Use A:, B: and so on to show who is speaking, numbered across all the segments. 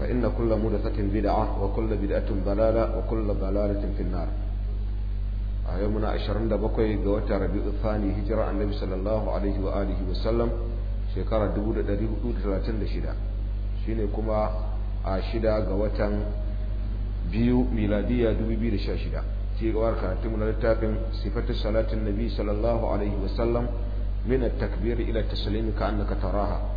A: فإن كل مدثة بدعة وكل بدعة ضلالة وكل ضلالة في النار a yau muna 27 ga watan rabi'u thani hijira annabi sallallahu alaihi wa alihi wa sallam shekara 1436 shine kuma a shida ga watan biyu miladiya 2016 ci gabar karatun na littafin sifatu salatin nabi sallallahu alaihi wa sallam min at-takbir ila at-taslim ka taraha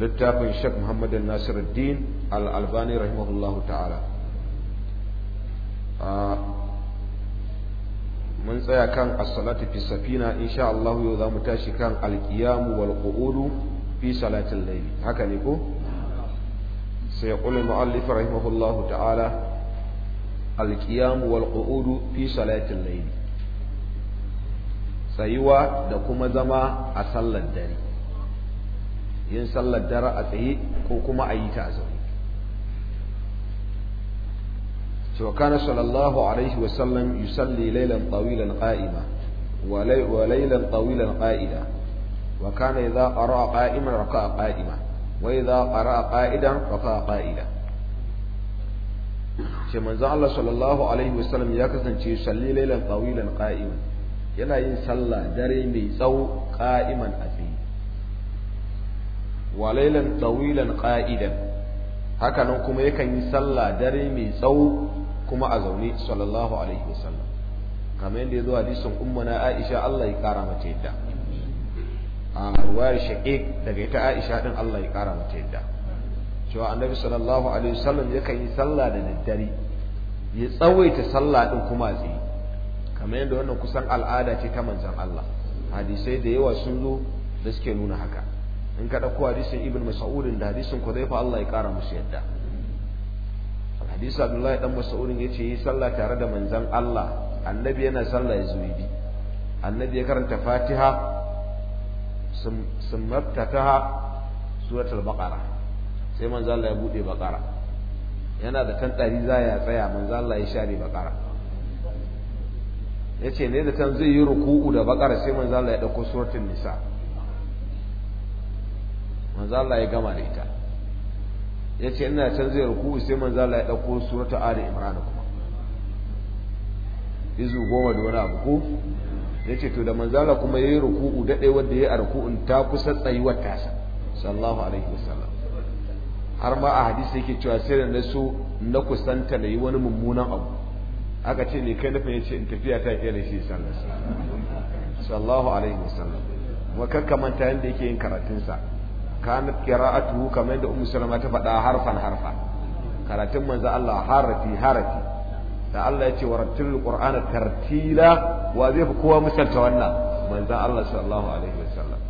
A: littafin Sheikh Muhammad Nasiruddin Al-Albani rahimahullahu ta'ala ah, mun tsaya kan as-salatu fi safina insha Allah yau mu tashi kan al-qiyam wal qu'udu fi salatil layl haka ne ko sai yaqulu mu'allif rahimahullahu ta'ala al-qiyam wal qu'udu fi salatil layl tsayuwa da kuma zama a sallar dare yin sallar dare a tsaye ko kuma a yi ta a zaune so kana sallallahu alaihi wa sallam yusalli laylan tawilan qa'ima wa laylan tawilan qa'ida wa kana idza qara'a qa'iman raka'a qa'ima wa idza qara'a qa'idan raka'a qa'ida ce manzo Allah sallallahu alaihi wa sallam ya kasance yusalli laylan tawilan qa'iman yana yin sallah dare mai tsawo qa'iman a wa laylan tawilan qa'idan haka nan kuma yakan yi sallah dare mai tsawo kuma a zaune sallallahu alaihi wasallam kamar yadda ya zo hadisin ummuna Aisha Allah ya kara mata yadda a ruwayar shaqiq daga ita Aisha din Allah ya kara mata yadda cewa annabi sallallahu alaihi wasallam yakan yi sallah da daddare ya tsawaita sallah din kuma tsaye kamar yadda wannan kusan al'ada ce ta manzon Allah hadisai da yawa sun zo da suke nuna haka in ka ɗauko hadisin ibn mas'udin da hadisin fa Allah ya ƙara musu yadda hadisu abdullahi dan mas'udin ce yi sallah tare da manzon Allah annabi yana sallah ya zuwi annabi ya karanta fatiha sun maftataha suratul baqara sai manzan Allah ya bude baqara yana da kan ɗari za ya tsaya manzan Allah ya share baqara yace ne da kan zai yi ruku'u da baqara sai manzan Allah ya ɗauko suratul nisa manzo Allah ya gama da ita yace ina can zai ruku sai manzo Allah ya dauko suratu ali imran kuma izu goma da wani abu ko yace to da manzo Allah kuma yayi ruku'u dade wanda yayi arku'un ta kusa tsayuwar sa. sallallahu alaihi wasallam har ma a hadisi yake cewa sai da na na kusanta da yi wani mummunan abu aka ce ne kai nufin yace in tafiya ta kai da shi sallallahu alaihi wasallam wa kakkamanta yanda yake yin karatunsa kanat qira'atuhu kamar yadda ummu salama ta faɗa harfan harfa karatun manzo Allah harfi harfi da Allah yace ce qur'ana tartila wa zai fi kowa misalta wannan manzo Allah sallallahu alaihi wasallam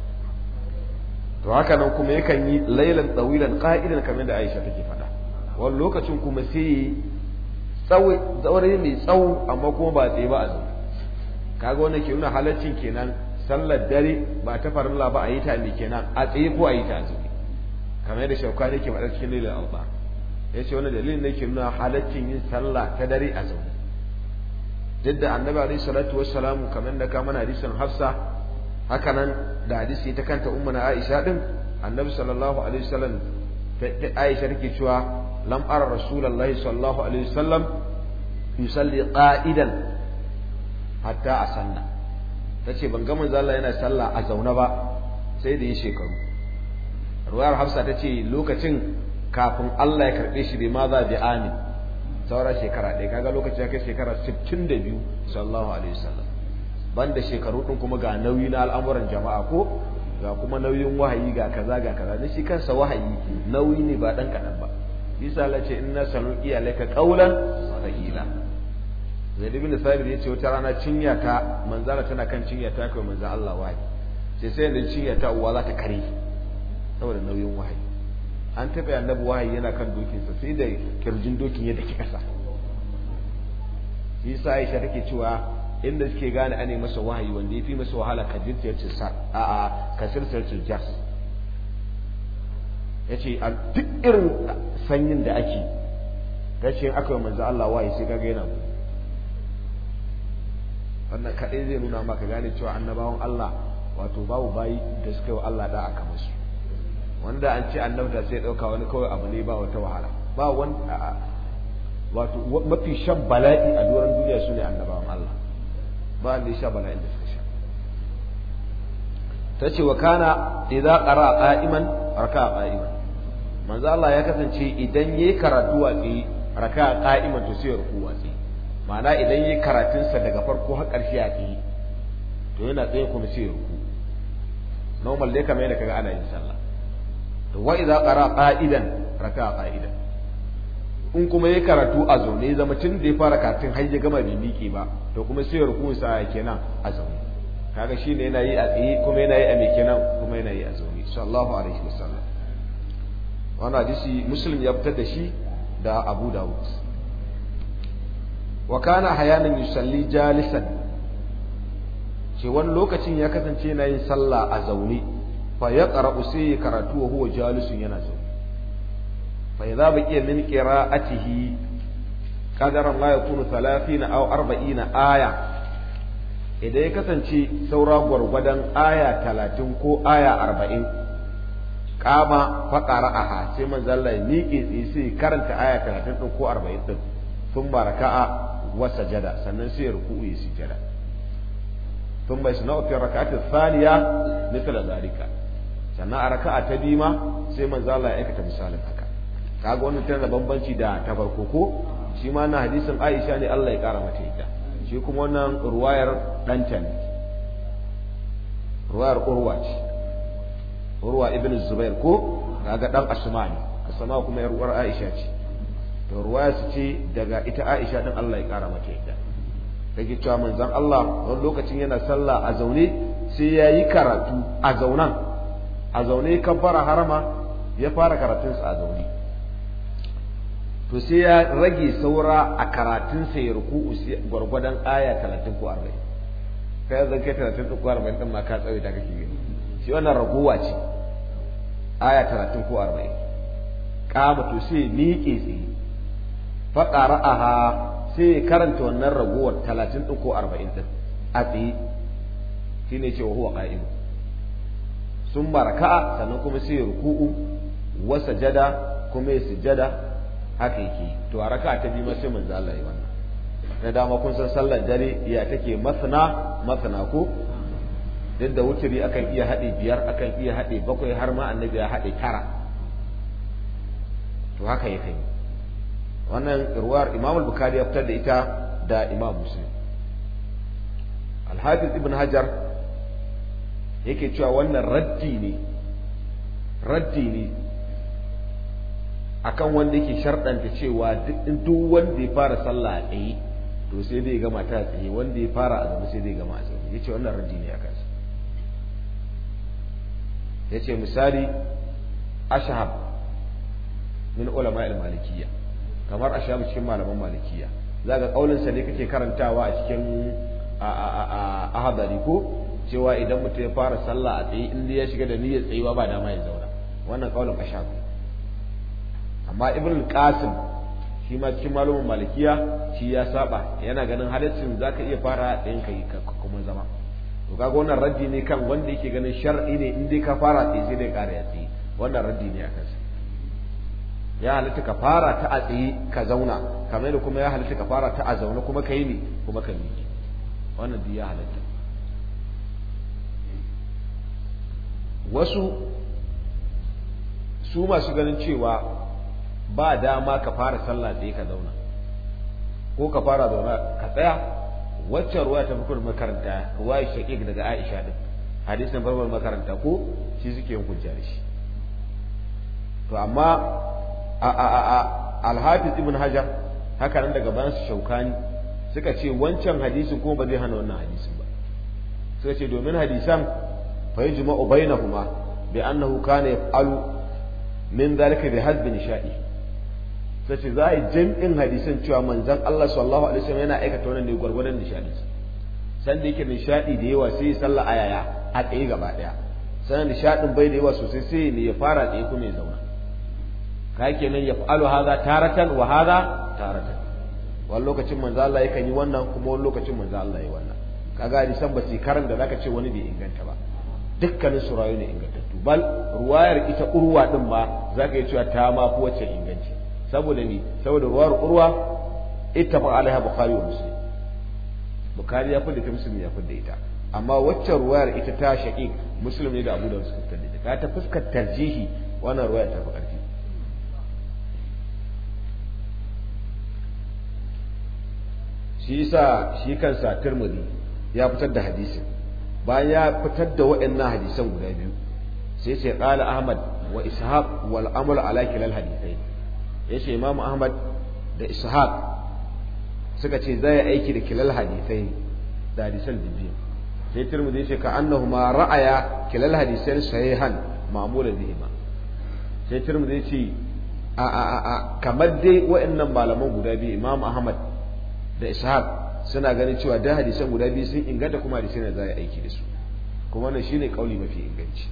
A: to haka nan kuma yakan yi laylan tsawilan qa'idan kamar yadda Aisha take faɗa wani lokacin kuma sai tsawo zaure mai tsawo amma kuma ba tsaye ba a Ka kaga wannan ke nuna halaccin kenan sallar dare ba ta farilla ba a yi ta me kenan a tsaye ko a yi ta a tsaye kamar yadda shauka shaukani ke faɗa cikin lilin alba ya ce wani dalilin da ke nuna halaccin yin sallah ta dare a zaune duk da annabi alaihi salatu wassalamu kamar da ka mana hadisin hafsa haka nan da hadisi ta kanta ummu na aisha din annabi sallallahu alaihi wasallam ta aisha take cewa lam ara rasulullahi sallallahu alaihi wasallam yusalli qa'idan hatta asanna ta ce ban ga zalla yana sallah a zaune ba sai da ya shekaru ruwayar hafsa ta ce lokacin kafin Allah ya karɓe shi bai ma za bi amin saura shekara ɗaya kaga lokacin ya kai shekara 62 sallallahu alaihi wasallam banda shekaru ɗin kuma ga nauyi na al'amuran jama'a ko ga kuma nauyin wahayi ga kaza ga kaza ne shi kansa wahayi nauyi ne ba dan kadan ba isa Allah ce inna sanu iyalaka qaulan zaid ibn sabir yace wata rana cinya ta Manzara tana kan cinya ta kai manzo Allah wahayi sai sai da cinya ta uwa za ta kare saboda nauyin wahayi an tafi annabi wahayi yana kan dokinsa sai da kirjin dokin ya daki kasa yasa Aisha take cewa inda suke gane ane masa wahayi wanda yafi masa wahala ka jirtirce sa a a ka su jas yace a duk irin sanyin da ake gashi aka manzo Allah wahayi sai kaga yana wannan kaɗai zai nuna maka gane cewa annabawan Allah wato babu bayi da suka yi wa Allah da aka musu wanda an ce annabta sai ɗauka wani kawai abu ne ba wata wahala ba wani wato mafi shan bala'i a doron duniya su ne annabawan Allah ba wanda ya sha bala'in da suka sha ta ce wa kana idza qara qa'iman raka qa'iman manzo Allah ya kasance idan yayi karatu a tsaye raka qa'iman to sai ya ruku ma'ana idan yi karatunsa daga farko har ƙarshe a tsaye to yana tsaye kuma sai ruku normal dai kamar yadda kaga ana yin sallah to wa idza qara qa'idan raka qa'idan in kuma ya karatu a zaune zama tun da ya fara karatun har ya gama bai miƙe ba to kuma sai ya ruku sa kenan a zaune kaga shine yana yi a tsaye kuma yana yi a me kenan kuma yana yi a zaune sallallahu alaihi wasallam wannan hadisi muslim ya fitar da shi da abu dawud wa kana hayanan yusalli jalisan ce wani lokacin ya kasance yana yin sallah a zaune fa ya qara'u sai karatu wa huwa jalisun yana zaune fa idza baqiya min qira'atihi qadara Allah yakunu 30 aw 40 aya idan ya kasance saura gwargwadon aya 30 ko aya 40 kama faƙara aha sai manzo Allah ya miƙe tsaye sai karanta aya 30 ko 40 din ba raka'a wa sajada sannan sai ya ruku'u ya sujada tun bai sanau ofin raka'atin saniya misala zalika sannan a raka'a ta biyu ma sai manzo Allah ya aikata misalin haka kaga wannan tana da bambanci da ta farko ko shi ma na hadisin Aisha ne Allah ya kara mata ita shi kuma wannan ruwayar danta ne ruwayar urwa ce urwa ibn zubair ko kaga dan asma ne asma kuma yar Aisha ce to ruwaya su ce daga ita Aisha din Allah ya kara mata yadda take cewa manzon Allah wani lokacin yana sallah a zaune sai ya yi karatu a zaunan a zaune ya fara harama ya fara karatunsa a zaune to sai ya rage saura a karatunsa ya ruku'u gwargwadon aya talatin ko arba'in kai zan kai talatin ko arba'in din ma ka tsawaita ta kake gani shi wannan raguwa ce aya talatin ko arba'in kama to sai miƙe tsaye Faɗa ra'aha sai ya karanta wannan raguwar talatin ɗin ko arba'in ɗin a tsaye shi ne cewa huwa ƙa'im sun maraka'a sannan kuma sai ya ruku'u wasa jada kuma ya sujada haka yake to a raka'a ta biyu ma sai manzo Allah ya wannan na dama kun san sallar dare ya take masana masana ko duk da wuturi akan iya haɗe biyar akan iya haɗe bakwai har ma annabi ya haɗe tara to haka yake yi wannan irwar imam al ya fitar da ita da imam muslim alhafiz ibn hajar yake cewa wannan raddi ne raddi ne akan wanda yake sharɗanta cewa duk wanda ya fara sallah a tsaye to sai dai gama ta tsaye wanda ya fara zama sai dai gama a tsaye yace wannan raddi ne akan sa yace misali ashab min ulama al-malikiyya kamar a shabu cikin malaman malikiya za ga sa ne kake karantawa a cikin ahadari ko cewa idan mutum ya fara sallah a tsaye inda ya shiga da niyyar tsayuwa ba dama ya zauna wannan ƙaunin a shabu amma ibn qasim shi ma cikin malumin malikiya shi ya saba yana ganin halittun za ka iya fara ɗayan ka kuma zama to kaga wannan raddi ne kan wanda yake ganin shar'i ne in dai ka fara tsaye sai dai ƙara ya tsaye wannan raddi ne a kansa ya halitta ka fara ta a tsaye ka zauna kamar da kuma ya halitta ka fara ta a zaune kuma ka yi ne kuma ka miƙe wannan duk ya halitta wasu
B: su masu ganin cewa
A: ba dama ka fara sallah tsaye ka zauna ko ka fara zauna ka tsaya waccan ruwa ta fukur makaranta ruwa ya shaƙi daga aisha ɗin hadisin farkon makaranta ko shi suke yin hujja da shi to amma A'a, ibn hajar haka nan daga bayan su shaukani suka ce wancan hadisin kuma ba zai hana wannan hadisin ba suka ce domin hadisan fa yajma'u bainahuma bi annahu kana yaf'alu min zalika bi hasbi nishadi suka ce za a yi jam'in hadisan cewa manzon Allah sallallahu alaihi wasallam yana aikata wannan ne gwargwadon nishadi sanda yake nishadi da yawa sai sallah ayaya a tsaye gaba daya sanan nishadin bai da yawa sosai sai ne ya fara tsaye kuma ya zauna ka kenan ya fa'alu haza taratan wa haza taratan wani lokacin manzo Allah yakan yi wannan kuma wani lokacin manzo Allah yi wannan kaga san ba sai karan da zaka ce wani bai inganta ba dukkanin su rayu ne ingantattu bal ruwayar ita urwa din ma zaka yi cewa ta ma fi wacce inganci saboda ni saboda ruwayar urwa ita ba alaiha bukhari wa muslim bukhari ya fadi ta muslim ya fadi ita amma wacce ruwayar ita ta shaqiq muslim ne da abu da suka fada ta ta fuskar tarjihi wannan ruwayar ta fi shi yasa shi kansa turmudi ya fitar da hadisin bayan ya fitar da waɗannan hadisan guda biyu sai sai qala ahmad wa ishaq wal amal ala kilal hadithai yace Imam ahmad da ishaq suka ce zai aiki da kilal hadithai da hadisan biyu sai turmudi yace ka annahuma ra'aya kilal hadisan sahihan ma'mula bihima sai turmudi yace a a a kamar dai waɗannan malaman guda biyu imam ahmad da ishaq suna ganin cewa da hadisan guda biyu sun inganta kuma hadisan da za a yi aiki da su kuma wannan shine kauli mafi inganci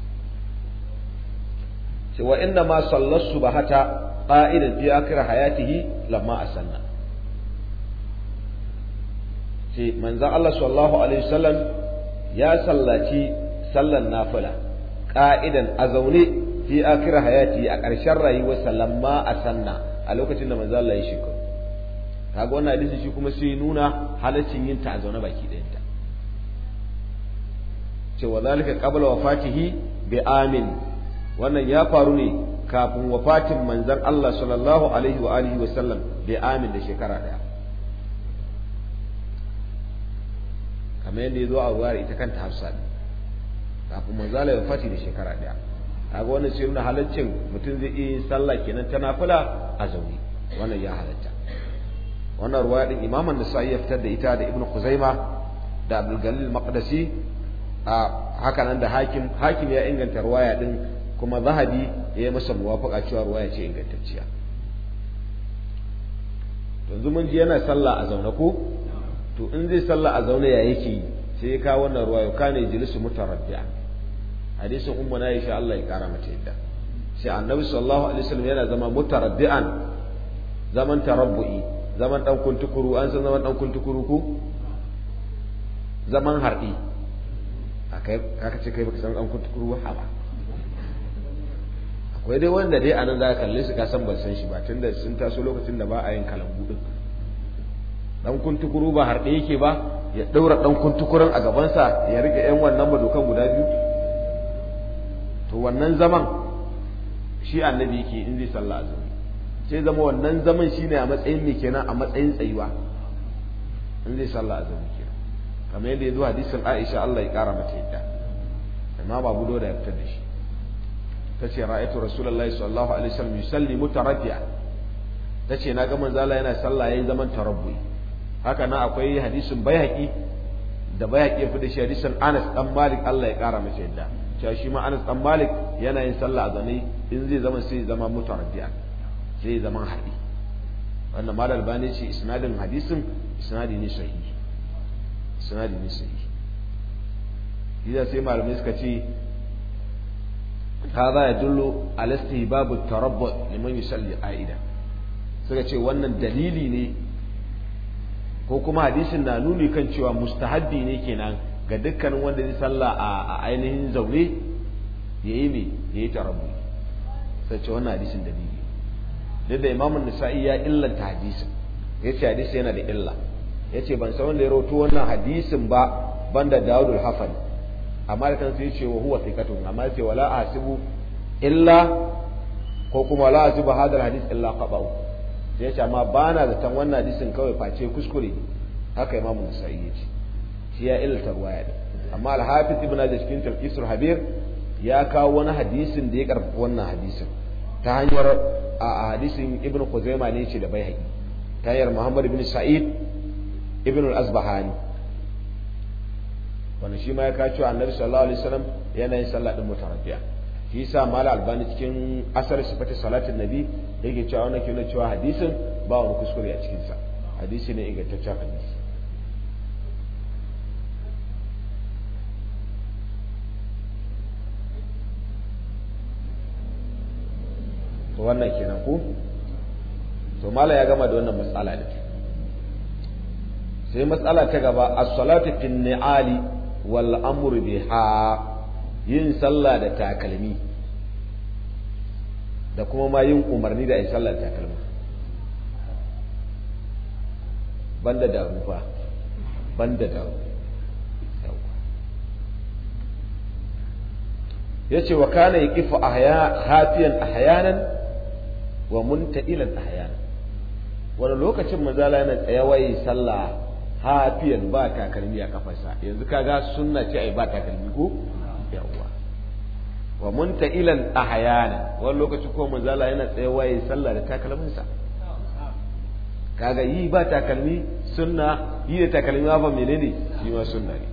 A: cewa inna ma sallar subahata qa'idan fi akhir hayatihi lamma asanna ce manzon Allah sallallahu alaihi wasallam ya sallaci sallan nafila qa'idan a zaune fi akhir hayati a ƙarshen rayuwarsa lamma asanna a lokacin da manzon Allah ya shekaru kaga wannan hadisi shi kuma sai nuna halaccin yin ta a zaune baki ɗayan ta wa zalika qabla wafatihi bi amin wannan ya faru ne kafin wafatin manzon Allah sallallahu alaihi wa alihi wa sallam bi amin da shekara daya kamar yadda ya zo a ruwar ita kanta Hafsa kafin manzon Allah ya wafati da shekara daya kaga wannan sai nuna halaccin mutum zai iya yin sallah kenan ta nafila a zaune wannan ya halatta wannan ruwaya din Imam an-Nasa'i ya fitar da ita da Ibn Khuzaima da Abdul Galil Maqdisi a haka nan da Hakim Hakim ya inganta ruwaya din kuma Zahabi ya yi masa muwafaqa cewa ruwaya ce ingantacciya yanzu mun ji yana sallah a zaune ko to in zai sallah a zaune ya yake yi sai ya kawo wannan ruwaya kana yajlisu mutarabbi'a hadisin ummu na Aisha Allah ya kara mata yadda sai annabi sallallahu alaihi wasallam yana zama mutaraddi'an zaman tarabbu'i zaman dan kuntukuru an san zaman dan kuntukuru ku zaman harɗi a kai kaka ce kai baka san dan kuntukuru ba ba akwai dai wanda dai anan za ka kalle su ka san ban san shi ba tunda sun taso lokacin da ba a yin kalambu din dan kuntukuru ba harɗi yake ba ya ɗaura dan kuntukuran a gabansa ya rike yan wannan madokan guda biyu to wannan zaman shi annabi yake in zai sallah azumi sai zama wannan zaman shine a matsayin ne kenan a matsayin tsayuwa in zai sallah a zama kenan kamar yadda ya zuwa hadisin Aisha Allah ya kara mata yadda Imam Abu Dawud ya fitar da shi tace ra'aytu Rasulullahi sallallahu alaihi wasallam yusalli ta tace na ga manzo Allah yana sallah yayin zaman tarabbi haka na akwai hadisin Baihaqi da Baihaqi ya fi da shi hadisin Anas dan Malik Allah ya kara mata yadda cewa shi ma Anas dan Malik yana yin sallah a zane in zai zama sai zama rafiya. sai zaman haɗi wannan mal albani ce isnadin hadisin isnadi ne sahihi isnadi ne yi yadda sai malamai suka ce هذا يدل على استهباب التربع لمن a idan suka ce wannan dalili ne ko kuma hadisin na nuni kan cewa mustahabbi ne kenan ga dukkanin wanda zai sallah a ainihin zaune ya yi ne ya yi tarabbu sai ce wannan hadisin dalili duk da imamun nisa'i ya illanta hadisin ya ce hadisi yana da illa ya ce ban san wanda ya rawaito wannan hadisin ba ban da dawudul hafan amma da kansu ya ce wa huwa thiqatun amma ya ce wala asibu illa ko kuma la'asibu asibu hadal hadis illa qaba'u ya ce amma bana da tan wannan hadisin kawai face kuskure haka imamun nisa'i ya ce shi ya illata ruwaya da amma al-hafiz ibn al-jashkin talqisur habir ya kawo wani hadisin da ya karfafa wannan hadisin ta hanyar a hadisin ibn Khuzaimah ne ce da bai ta hanyar Muhammad ibn Sa'id ibn al-Asbahani wannan shi ma ya kawo annabi sallallahu alaihi wasallam yana yin sallah din mutarabiya shi yasa mala albani cikin asar sifati salatin nabi yake cewa wannan ke nuna cewa hadisin ba wani kuskure a cikin sa hadisi ne ingantaccen hadisi wannan kenan ku to mala ya gama da wannan matsala ne sai matsala ta gaba as-salatu fi ni'ali wal amru biha yin sallah da takalmi da kuma ma yin umarni da ai sallah da takalma banda da rufa banda da yace wa kana yaqifu ahya hafiyan ahyanan wa ilan ahyana wani lokacin mazala yana waye sallah hafiyan ba takalmi a kafarsa yanzu kaga sunna ce ai ba takalmi ko yawwa wa ilan ahyana wani lokacin ko mazala yana waye sallah da takalminsa kaga yi ba takalmi sunna yi da takalmi ba menene shi ma sunna ne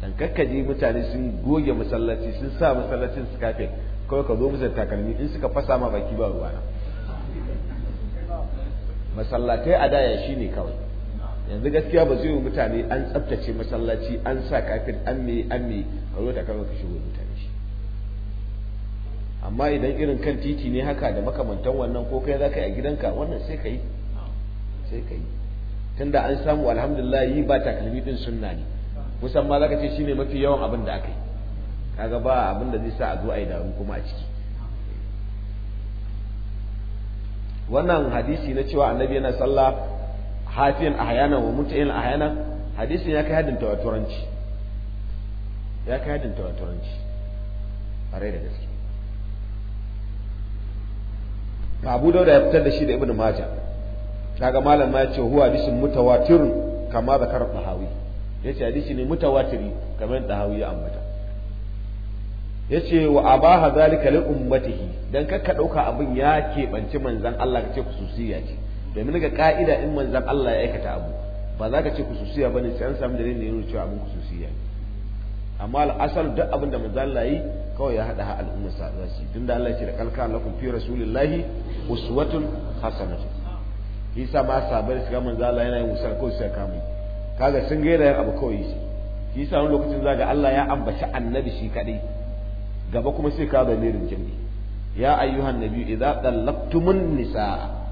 A: dan kakkaje mutane sun goge masallaci sun sa masallacin su kafin kawai ka zo musu da takalmi in suka fasa ma baki ba ruwa na
B: masallatai a daya shi ne kawai yanzu gaskiya ba zai yi mutane
A: an tsaftace masallaci an sa kafin an me an me ka zo kawai ka shigo mutane shi amma idan irin kan titi ne haka da makamantan wannan ko kai za ka yi a gidanka wannan sai ka yi sai ka yi tunda an samu alhamdulillah yi ba takalmi din sunna ne musamman za ka ce shine mafi yawan abin da aka yi kaga ba abin da zai sa a zo a yi daru kuma a ciki wannan hadisi na cewa annabi yana sallah hafiyan ahyana wa a ahyana hadisin ya kai hadin tawaturanci ya kai hadin tawaturanci a rai da gaske Abu Dawud ya fitar da shi da Ibn Majah kaga malam ma ya ce huwa hadisin mutawatirun kama karfa Tahawi yace hadisi ne mutawatiri kamar Tahawi ya ambata yace wa abaha zalika li ummatihi dan kakka dauka abin ya keɓanci manzon Allah kace kususiya ce domin ga ka'ida in manzon Allah ya aikata abu ba za ka ce kususiya bane sai an samu dalilin da ya nuna cewa abin kususiya ne amma al'asal duk abin da manzon Allah yi kawai ya hada al'ummar sa za tun tunda Allah ya ce da kalkan lakum fi rasulillahi uswatun shi sa ma sabar su ga manzon Allah yana yin usar ko sai kama kaga sun gaira abu kawai shi sa wani lokacin zaga Allah ya ambaci annabi shi kadai gaba kuma sai ka zamirin jami ya ayyuhan nabi idza dallaqtumun nisaa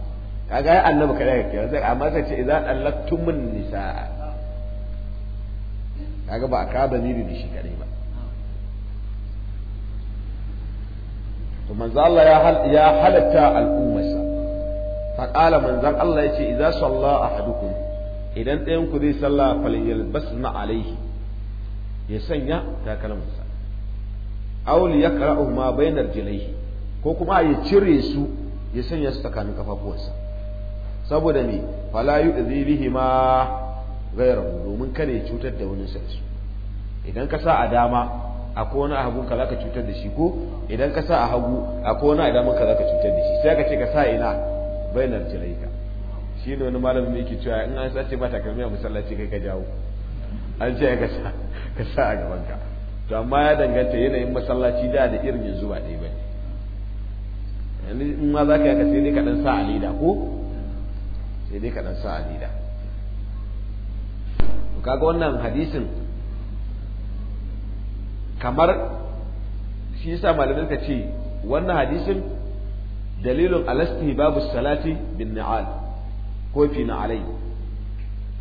A: kaga ya annabi kada ka kira sai amma sai ce idza dallaqtumun nisaa kaga ba ka zamiri da shi kadai ba to manzo Allah ya hal ya halatta al'ummarsa fa qala manzon Allah yace idza salla ahadukum idan ɗayan ku zai salla falyalbasna alaihi ya sanya takalmansa Auli ya yaqra'u ma bainar rijlaihi ko kuma ya cire su ya sanya su tsakanin kafafuwansa saboda me fala yu'dhi bihi ma ghayrahu domin kada ya cutar da wani sa su idan ka sa a dama akwai wani a ka zaka cutar da shi ko idan ka sa a hagu akwai wani a daman ka zaka cutar da shi sai ka ce ka sa ina bainar ka shi ne wani malamin yake cewa in an sace ba takalmi a masallaci kai ka jawo an ce ka sa a gaban ka to amma ya danganta yanayin masallaci da da irin yanzu ba ɗaya ba yanzu in ma za ka yaka sai dai kaɗan sa a ko sai dai kaɗan ɗan sa a to kaga wannan hadisin kamar shi yasa malamin ka ce wannan hadisin dalilun alasti babu salati bin ni'al ko fi na'alai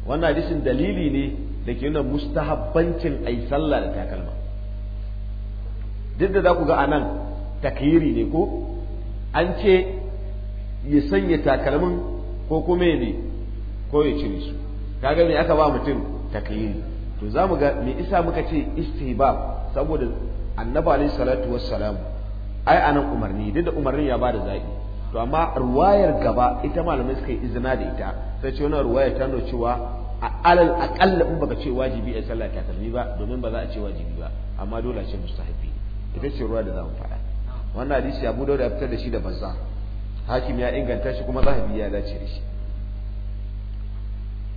A: wannan hadisin dalili ne da ke nuna mustahabbancin ai sallah da takalma duk da za ku ga anan takiri ne ko an ce ya sanya takalmin ko kuma ne ko ya cire su kaga me aka ba mutum takiri to za mu ga me isa muka ce istihbab saboda annabi alaihi salatu wassalam ai anan umarni duk da umarnin ya ba da zaɓi to amma ruwayar gaba ita malamai suka yi izina da ita sai ce wannan ruwayar ta nuna cewa a alal aqalla in baka ce wajibi a sallah takalmi ba domin ba za a ce wajibi ba amma dole a ce mustahabi ita ce ruwa da mu faɗa wannan hadisi Abu Dawud ya fitar da shi da banza hakim ya inganta shi kuma zahabi ya dace da shi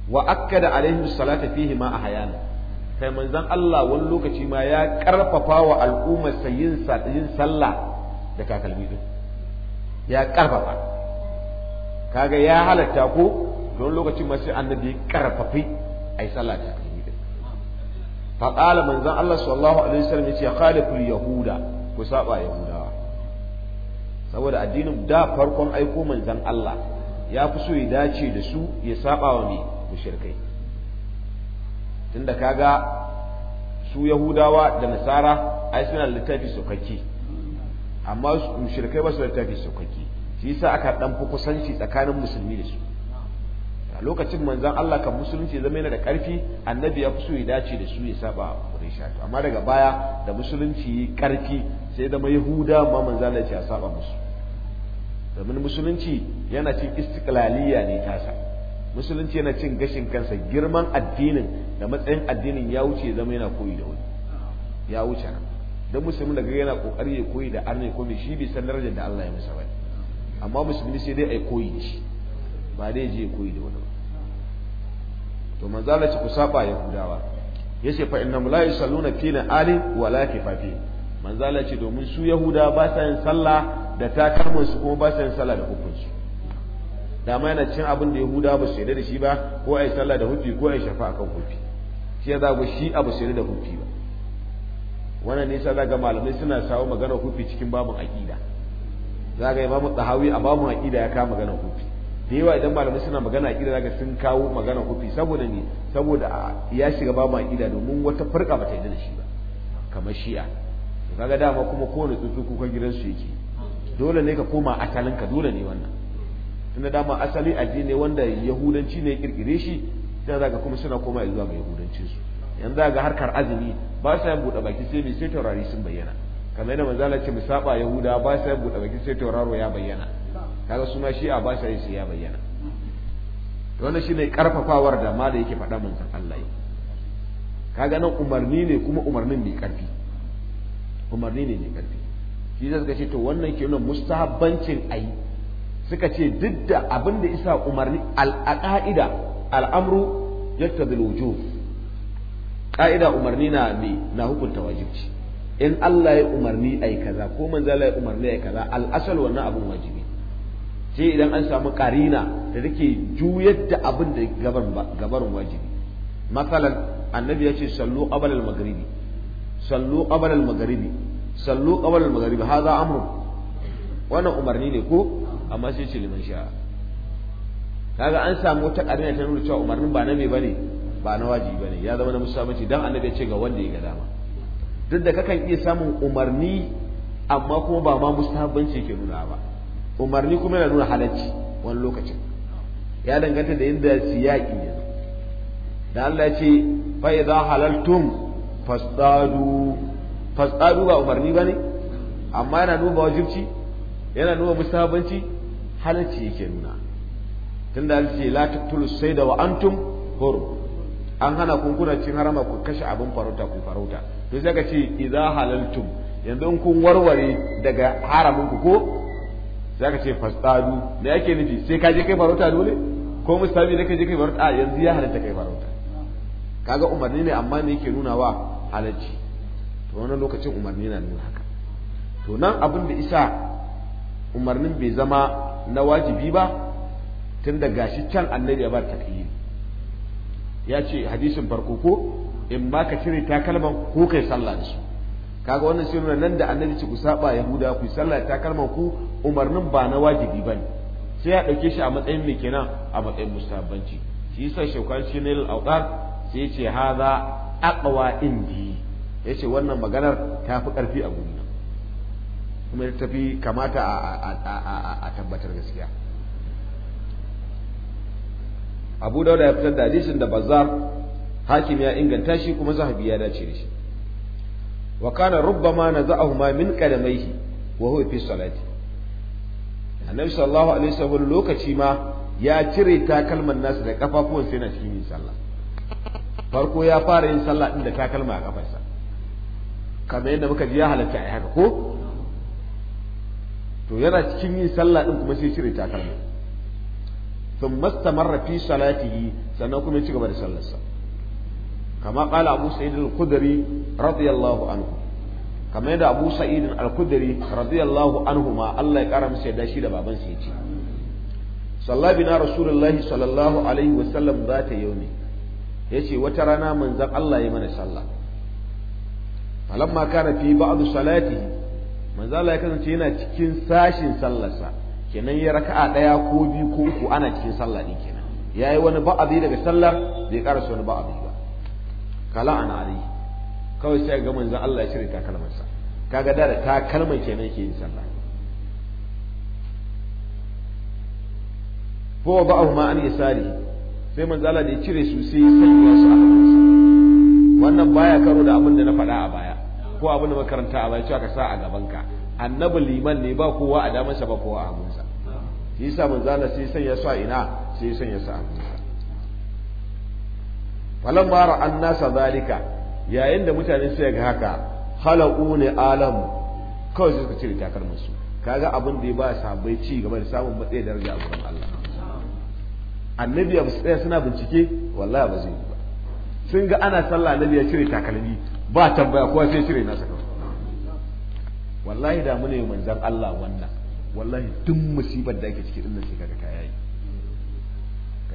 A: wa akkada alaihi salata fihi ma ahyana kai manzon Allah wani lokaci ma ya karfafa wa al'ummar sayin yin sallah da kakalmi din ya karfafa kaga ya halatta ko don lokacin ma sai annabi ya karfafi ai sallah fa qala manzon Allah sallallahu alaihi wasallam yace khaliful yahuda ku saba yahudawa saboda addinin da farkon aiko manzon Allah ya fi so ya dace da su ya saba wa me mushrikai tunda kaga su yahudawa da nasara ai suna littafi sokaki amma mushrikai ba su littafi sokaki shi yasa aka dan fi kusanci tsakanin musulmi da su a lokacin manzan Allah kan musulunci zama yana da ƙarfi annabi ya fi so ya dace da su ya saba Quraisha amma daga baya da musulunci yi ƙarfi sai zama Yahuda ma manzan Allah ya saba musu domin musulunci yana cin istiklaliya ne tasa musulunci yana cin gashin kansa girman addinin da matsayin addinin ya wuce zama yana koyi da wani ya wuce nan don musulmin daga yana kokari ya koyi da arne ko shi bai san darajar da Allah ya masa ba amma musulmi sai dai ai koyi shi ba dai je koyi da wani to manzo Allah ce ku saba yahudawa yace fa innam la yusalluna fi ali wa la kifafi manzo Allah ce domin su yahuda ba sa yin sallah da takalmin su kuma ba sa yin sallah da hukunci da ma yana cin abin da yahuda ba su yarda da shi ba ko ai sallah da hufi ko ai shafa akan hufi shi ya zago shi abu su yarda da hufi ba wannan ne sai zaga malamai suna sawo magana hufi cikin babun aqida zaga imamu tahawi a babun aqida ya kama magana hufi da yawa idan malamai suna magana a ƙida zaka sun kawo magana kofi saboda ne saboda ya shiga babu ƙida domin wata farka ta yi da shi ba kamar shi'a kaga dama kuma kowane tsuntsu gidan su yake dole ne ka koma asalin ka dole ne wannan tunda dama asali addini wanda yahudanci ne kirkire shi sai zaka kuma suna koma zuwa ga yahudancin su yanzu ga harkar azumi ba sa yin buɗe baki sai mai sai taurari sun bayyana kamar yadda manzala ce mu saba yahuda ba sa yin buɗe baki sai tauraro ya bayyana kaga su ma shi'a ba sa yin sai ya bayyana to wannan shine karfafawar da ma da yake faɗa san Allah yi kaga nan umarni ne kuma umarnin mai karfi umarni ne mai karfi shi zai suka ce to wannan ke nuna mustahabbancin ayi suka ce duk da abin da isa umarni al-aqaida al-amru yattabi al-wujub ka'ida umarni na me na hukunta wajibci in Allah ya umarni ai kaza ko manzo Allah ya umarni ai kaza al-asal wannan abun wajibi sai idan an samu karina da take juyar da abin da gabarin wajibi masalan annabi ya ce sallu qabala al-maghribi sallu qabala al-maghribi sallu qabala al-maghribi hadha amru wannan umarni ne ko amma sai ce liman sha kaga an samu wata karina ta nuna cewa umarnin ba na me bane ba na wajibi bane ya zama na musabaci dan annabi ya ce ga wanda ya ga dama duk da kakan iya samun umarni amma kuma ba ma mustahabbanci ke nuna ba umarni kuma yana nuna halacci wani lokacin ya danganta da inda siyaki ne da Allah ya ce fa idza halaltum fasadu fasadu ba umarni bane amma yana nuna wajibci yana nuna musabanci halacci yake nuna tunda Allah ce la taqtulu sayda wa antum horo. an hana kun cin harama ku kashe abin farauta ku farauta to sai ka ce idza halaltum yanzu in kun warware daga haramin ku ko sai aka ce fasadu me ake nufi sai ka je kai farauta dole ko musabi ne ka je kai farauta yanzu ya halatta kai farauta kaga umarni ne amma ne yake nuna wa halacci to wannan lokacin umarni na nuna haka to nan abin da isa umarnin bai zama na wajibi ba tun da gashi can annabi ya ba takiyi ya ce hadisin farko ko in ma ka cire takalman ko kai sallah da su kaga wannan shi nuna nan da annabi ce ku saba yahuda ku sallah ta kalmar ku umarnin ba na wajibi bane sai ya dauke shi a matsayin me kenan a matsayin mustahabbanci shi yasa shaukan shi ne al-awqar sai yace hadha aqwa indi yace wannan maganar ta fi karfi a guri kuma ta fi kamata a tabbatar gaskiya abu dauda ya fitar da hadisin da bazar hakim ya inganta shi kuma zahabi ya dace da shi wa kana rubbama naza'ahuma min qadamayhi wa huwa fi salati annabi sallallahu alaihi wasallam lokaci ma ya cire takalman nasu da kafafuwan sai na cikin yin sallah farko ya fara yin sallah din da takalma a kafarsa kamar yadda muka ji ya halatta a haka ko to yana cikin yin sallah kuma sai cire takalma thumma istamarra fi salatihi sannan kuma ya ci gaba da sallarsa kama qala abu sa'id al-khudri radiyallahu anhu kamar yadda abu sa'id al radiyallahu anhu ma Allah ya kara masa yadda shi da baban sa yace sallallahu bina rasulullahi sallallahu alaihi wa sallam zata yaumi yace wata rana manzon Allah ya mana sallah falamma kana fi ba'd salatihi manzon Allah ya kasance yana cikin sashin sallarsa kenan ya raka'a daya ko biyu ko uku ana cikin sallah din kenan yayi wani ba'abi daga sallar bai karasa wani ba'abi kala an alai kawai sai ga manzon Allah ya shirya takalmansa kaga da ke kenan yake yin sallah fa wada'ahu ma an yasari sai manzon Allah da ya cire su sai ya sanya su a wannan baya karo da abin da na faɗa a baya ko abin da makaranta a baya cewa ka sa a gaban ka. annabi liman ne ba kowa a damansa ba kowa a hagunsa shi yasa manzon Allah sai ya sanya su a ina sai ya sanya su a hannunsa falan mara an nasa zalika yayin da mutane suka ga haka halaqu ne alam kawai suka cire takalmin su kaga abin da ya ba sabai ci gaba da samun matsayi daraja a gurin Allah annabi ya tsaya suna bincike wallahi ba zai yi ba sun ga ana sallah annabi ya cire takalmi ba tambaya kowa sai cire nasa kawai wallahi da mu ne manzon Allah wannan wallahi duk musibar da ake ciki din nan sai kaga kaya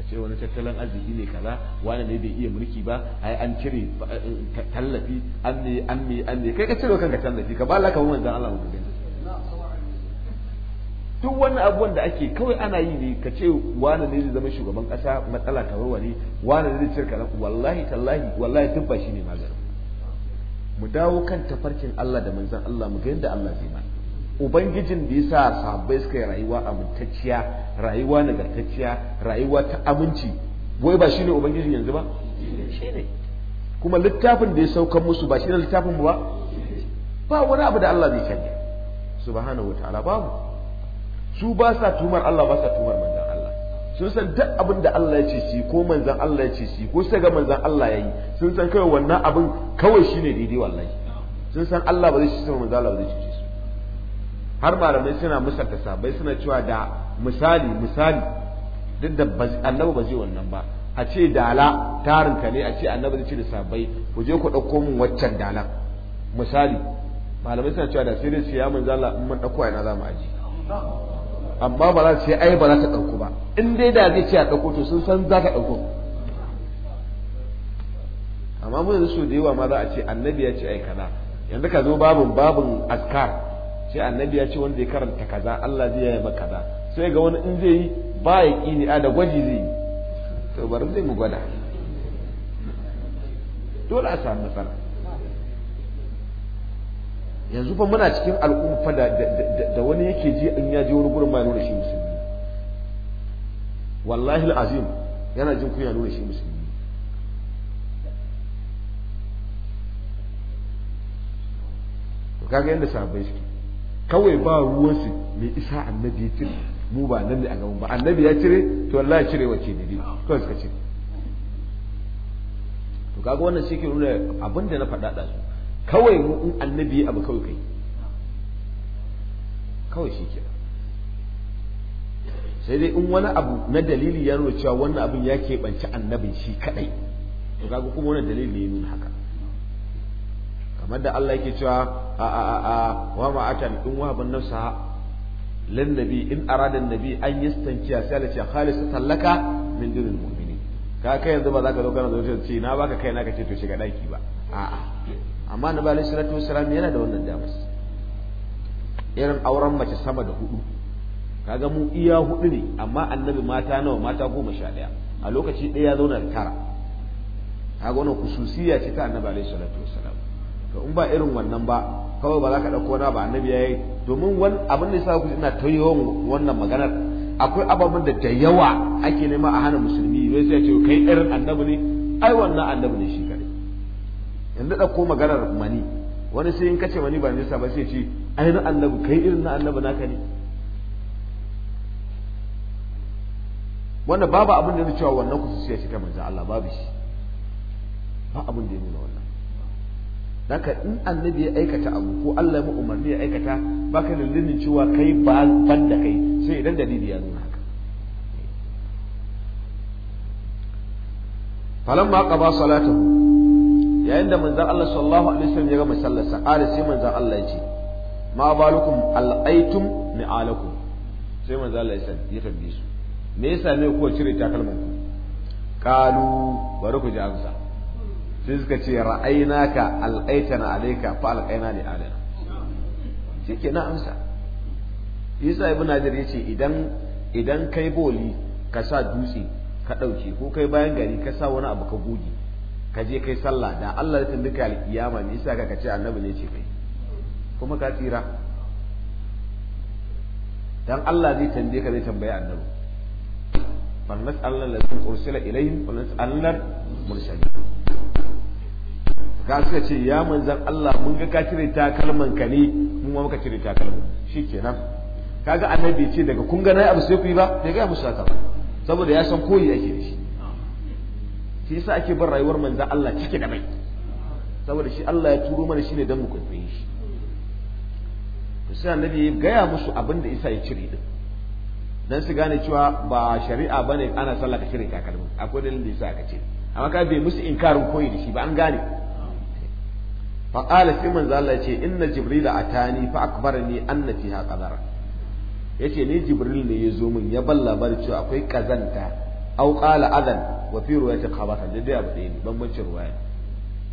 A: ce wani tattalin arziki ne kaza wani ne bai iya mulki ba ai an cire eh, tallafi an ne an ne an ne kai ka cire kanka tallafi ka ba laka wannan Allah mu gani duk wani abubuwan da ake kawai ana yi ne ka ce wani ne zai zama shugaban kasa matsala ta warware wani ne zai cire kaza wallahi tallahi wallahi duk ba ne maganin mu dawo kan tafarkin Allah da manzon Allah mu ga yadda Allah zai mana ubangijin da ya sa sahabbai suka yi rayuwa amintacciya rayuwa nagartacciya rayuwa ta aminci wai ba shine ubangijin yanzu ba shine kuma littafin da ya saukan musu ba shine littafin ba ba wani abu da Allah zai canja subhanahu wataala babu su ba sa tumar Allah ba sa tumar manzon Allah sun san duk abin da Allah ya ce shi ko manzon Allah ya ce shi ko sai ga manzon Allah yayi sun san kawai wannan abin kawai shine daidai wallahi sun san Allah ba zai ci sama manzon Allah ba zai ci har malamai suna musanta sabai suna cewa da misali misali duk da annabi ba zai wannan ba a ce dala tarin ka ne a ce annabi zai ce da sabai ku je ku ɗauko min waccan dala misali malamai suna cewa da sai dai siya mun zalla in mun ɗauko ina za mu aji amma ba za su ce ai ba za ta ɗauko ba in dai da zai ce a ɗauko to sun san za ta ɗauko amma mun yanzu so da yawa ma za a ce annabi ya ce ai kaza yanzu ka zo babin babin askar sai annabi ya ce wanda ya karanta kaza Allah zai yi maka kaza sai ga wani in zai yi ba ya kini a da gwaji zai yi to bari zai mu gwada dole a samu matsala yanzu fa muna cikin al'umma fa da wani yake ji in ya je wani gurin ma nuna shi musulmi wallahi azim yana jin kunya nuna shi musulmi kaga yadda sabai suke kawai ba ruwansu mai isa annabi ya cire mu ba nan ne a gaban ba annabi ya cire to Allah ya cire wace dare to suka cire to kaga wannan shi ke nuna abin da na faɗa da su kawai mu in annabi abu kawai kai kawai shi ke sai dai in wani abu na dalili ya nuna cewa wannan abin ya keɓanci annabin shi kadai to kaga kuma wannan dalili ne nuna haka kamar da Allah yake cewa a a a a wa ma atan in wa ban nafsa lin nabi in arada nabi an yastankiya sai Allah ya ce khalisatan laka min dunil mu'minin ka kai yanzu ba za ka zo kana zo ce na baka kai na ka ce to shiga daki ba a'a amma nabi alaihi salatu wasalam yana da wannan damar irin auren mace sama da hudu kaga mu iya hudu ne amma annabi mata nawa mata goma sha ɗaya a lokaci ɗaya ya zauna da tara kaga wannan kususiya ce ta annabi alaihi salatu wasalam to in ba irin wannan ba kawai ba za ka ɗauko wani ba annabi ya yi domin abin da yasa ku ina ta yawan wannan maganar akwai ababen da da yawa ake nema a hana musulmi wai sai ya ce kai irin annabi ne ai wannan annabi ne shi kare da ɗauko maganar mani wani sai in kace mani ba sa ba sai ce ai na annabi kai irin na annabi naka ne wannan babu abin da ya cewa wannan ya ce ta manzan Allah babu shi ba abin da ya nuna wannan haka in annabi ya aikata abu ko Allah ya umarni ya aikata baka dalilin cewa kai ba ban da kai sai idan dalili ya nuna haka falamma qaba salatahu yayin da manzon Allah sallallahu alaihi wasallam ya gama sallar sa qala sai manzon Allah ya ce ma balukum alaitum mi'alakum sai manzon Allah ya tambaye su me yasa ne ku cire takalman ku qalu bari ku ji amsa sai suka ce ka al'aitana alaika fa alqaina li alina ke na amsa isa ibn hajar yace idan idan kai boli ka sa dutse ka dauke ko kai bayan gari ka sa wani abu ka goge ka je kai sallah da Allah ya tambaye alkiyama ne isa ka ce annabi ne ce kai kuma ka tsira dan Allah zai tambaye ka zai tambaye annabi فلنسأل الذين أرسل إليهم ولنسأل المرسلين ka suka ce ya manzan Allah mun ga ka cire takalman ka ne mun ma muka cire takalman shikenan kaga annabi ce daga kun ga nayi abu sai ku yi ba bai ga musu haka saboda ya san koyi ake da shi shi yasa ake bar rayuwar manzan Allah cike da mai saboda shi Allah ya turo mana shi ne dan mu kwaikwaye shi to sai annabi ya gaya musu abin da isa ya cire din dan su gane cewa ba shari'a bane ana sallah ka cire kalman akwai dalilin da yasa aka ce amma ka bai musu inkarin koyi da shi ba an gane fa qala sai manzo Allah yace inna jibril atani fa akbarani anna fiha qadara yace ni jibril ne ya zo min ya ban labarin cewa akwai kazanta au qala adan wa fi ruwayati khabata da dai abu ɗaya ne bambancin ruwaya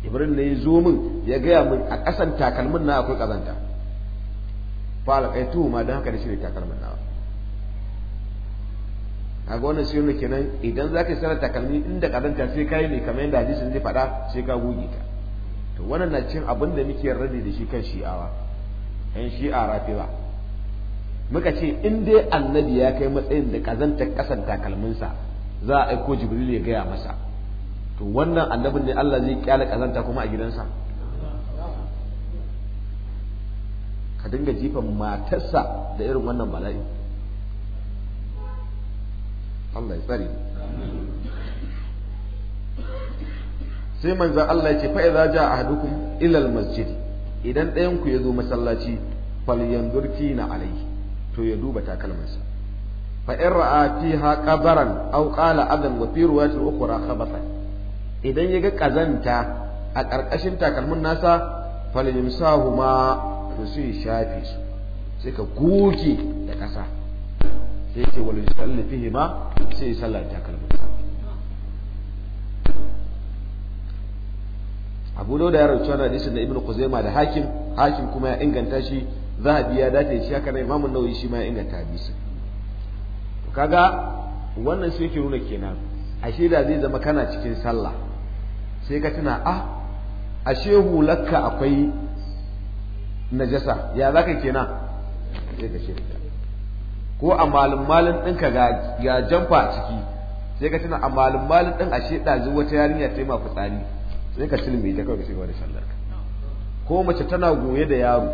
A: jibril ne ya zo min ya gaya min a ƙasan takalmin na akwai kazanta fa alqaitu ma dan haka da shi takalmin nawa a ga wannan sirri kenan idan zaka sanar takalmi inda kazanta sai kai ne kamar yadda hadisin zai faɗa sai ka goge ta to wannan na cin abin da muke rabi da shi kan shi'awa ɗan shi'a rafiza muka ce in dai annabi ya kai matsayin da kazantar ƙasar takalminsa za a aiko jibril ya gaya masa to wannan annabin ne Allah zai kyala kazanta kuma a gidansa ka dinga jifan matarsa da irin wannan bala'i Allah ya tsare sai manzan Allah ya ce fa idza ja ahadukum ila al masjid idan ɗayan ku ya zo masallaci yandurti na alai to ya duba sa fa in ra'a fiha qabaran aw qala adan wa fi riwayatin ukhra khabata idan ya ga kazanta a ƙarƙashin takalmin nasa falyimsahu ma to sai shafi su sai ka goge da ƙasa sai ce wal yusalli fihi ma sai sallar takalmin abu Dawud ya rawaito da hadisin da Ibn kuzaima da hakim hakim kuma ya inganta shi zahabi ya dace shi haka na imamun nawawi shi ma ya inganta hadisin kaga wannan sai ke nuna kenan ashe da zai zama kana cikin sallah sai ka tuna ah ashe hulakka akwai najasa ya zaka kenan sai ka ce ko a malum malin ɗinka ga jamfa a ciki sai ka tuna a malum malin ɗin ashe ɗazu wata yarinya ta yi ma fitsari sai ka cilmi ta kawai ka cigaba da sallar ka ko mace tana goye da yaro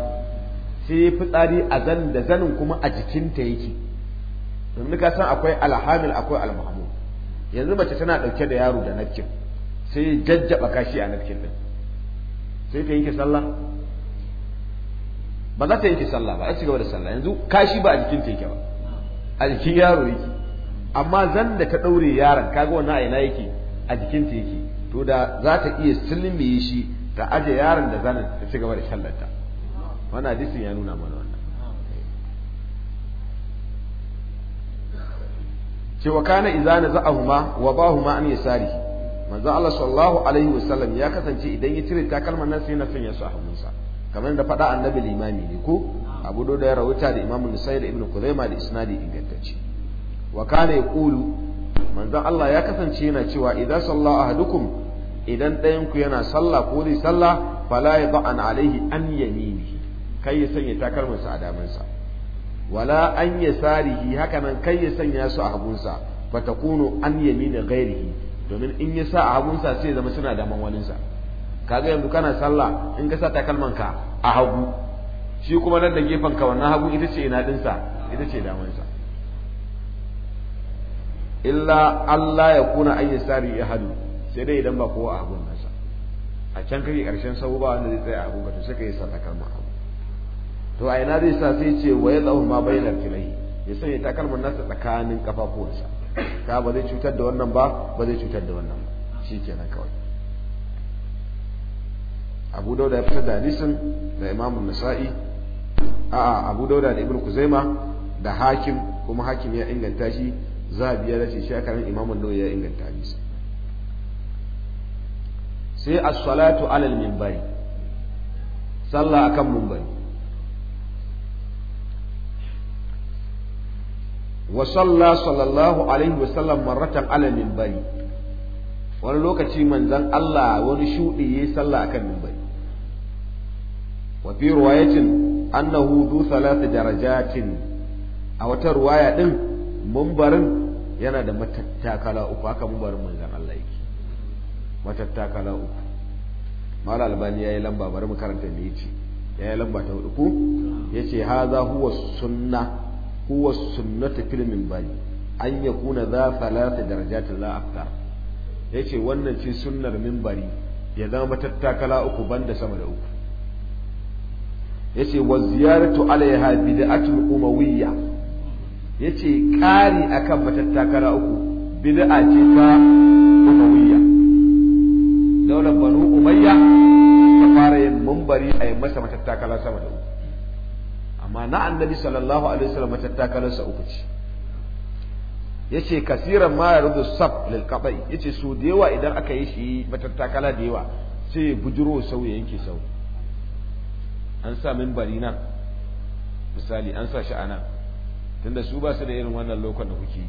A: sai fitsari a zan da zanin kuma a jikinta yake domin ka san akwai alhamil akwai almahamu yanzu mace tana ɗauke da yaro da nafkin sai ya jajjaba kashi a nafkin din sai ta yanke sallah ba za ta yanke sallah ba a cigaba da sallah yanzu kashi ba a jikinta yake ba a jikin yaro yake amma zan da ta ɗaure yaron kaga wannan a ina yake a jikinta yake to da za ta iya silmiye shi ta aje yaron da zanen ta ci gaba da shallata wannan hadisin ya nuna mana wannan cewa kana idza naza'ahuma wa bahuma an yasari manzo Allah sallallahu alaihi wasallam ya kasance idan ya cire takalman nan sai na sanya su a hannunsa kamar da faɗa annabi limami ne ko abu da ya rawaita da imamu nisai da ibnu kuzaima da isnadi ingantacce wa kana yaqulu manzo Allah ya kasance yana cewa idza salla ahadukum idan ɗayan ku yana sallah ko zai sallah fala ya ba'an alaihi an yaminihi kai ya sanya takalmansa a damansa wala an ya yasarihi haka nan kai ya sanya su a hagunsa fatakunu an yamini ghairihi domin in ya sa a hagunsa sai zama suna da waninsa kaga yanzu kana sallah in ka sa ka a hagu shi kuma nan da gefen ka wannan hagu ita ce ina dinsa ita ce damansa illa Allah ya kuna an ya ahadu sai dai idan ba kowa a abun nasa a can kake karshen sabu ba wanda zai tsaya a abun ka to sai ka yi sadakar ma abu to a ina zai sa sai ce wa ya tsawo ma bainar filai ya sanya takalmar nasa tsakanin kafafuwansa ka ba zai cutar da wannan ba ba zai cutar da wannan ba shi kenan kawai abu dauda ya fitar da hadisin da imamun nasa'i a'a abu dauda da ibn kuzaima da hakim kuma hakim ya inganta shi za a biya da shi shi akarin imamun nawawi ya inganta hadisin sai a salatu alal minbari sallah akan mimbari wa salla sallallahu alaihi wa sallam marratan alal mimbari wani lokaci manzon Allah wani shudi yayi sallah akan mimbari wa fi riwayatin annahu du salatu darajatin a wata ruwaya din mumbarin yana da matattakala uku haka mumbarin manzon matattakala uku mara albani ya yi lamba bari mu karanta me yace ya yi lamba ta hudu ko ha za huwa sunna huwa ta fil bari? an kuna za salata darajatin la'afta ya yace wannan ce sunnar mimbari ya zama matattakala uku ban da sama da uku ya yace wa ziyaratu alaiha bid'atun umawiyya ce kari akan matattakala uku bid'a ce ta daular banu umayya ta fara yin mumbari a yi masa matattakala sama da uku amma na annabi sallallahu alaihi wasallam sa uku ce yace kasiran ma yarudu sab lil qata'i yace su da yawa idan aka yi shi matattakala da yawa sai bujuro sau ya yanke sau an sa mumbari nan misali an sa shi a nan tunda su ba su da irin wannan lokacin da kuke yi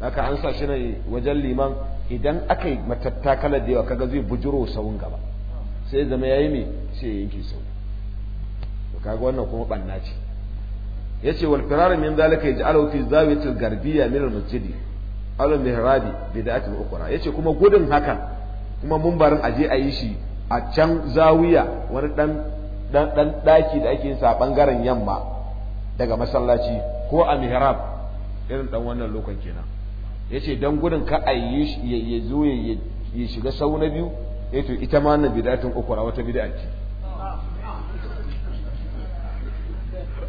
A: haka an sa shi ne wajen liman idan aka yi matattakalar da yawa kaga zai bujiro sawun gaba sai zama yayi me sai ya yanke sau to kaga wannan kuma banna ce yace wal firar min zalika yaj'alu fi zawiyati al-garbiyya min al-masjid al-mihrabi bid'at al ukra yace kuma gudun haka kuma mumbarin aje a yi shi a can zawiya wani dan dan daki da ake yi sa bangaren yamma daga masallaci ko a mihrab irin dan wannan lokacin kenan ya ce don gudun ka a ya zo ya shiga sau na biyu ya eh to ita ma na bidatun ukura wata bid'a ce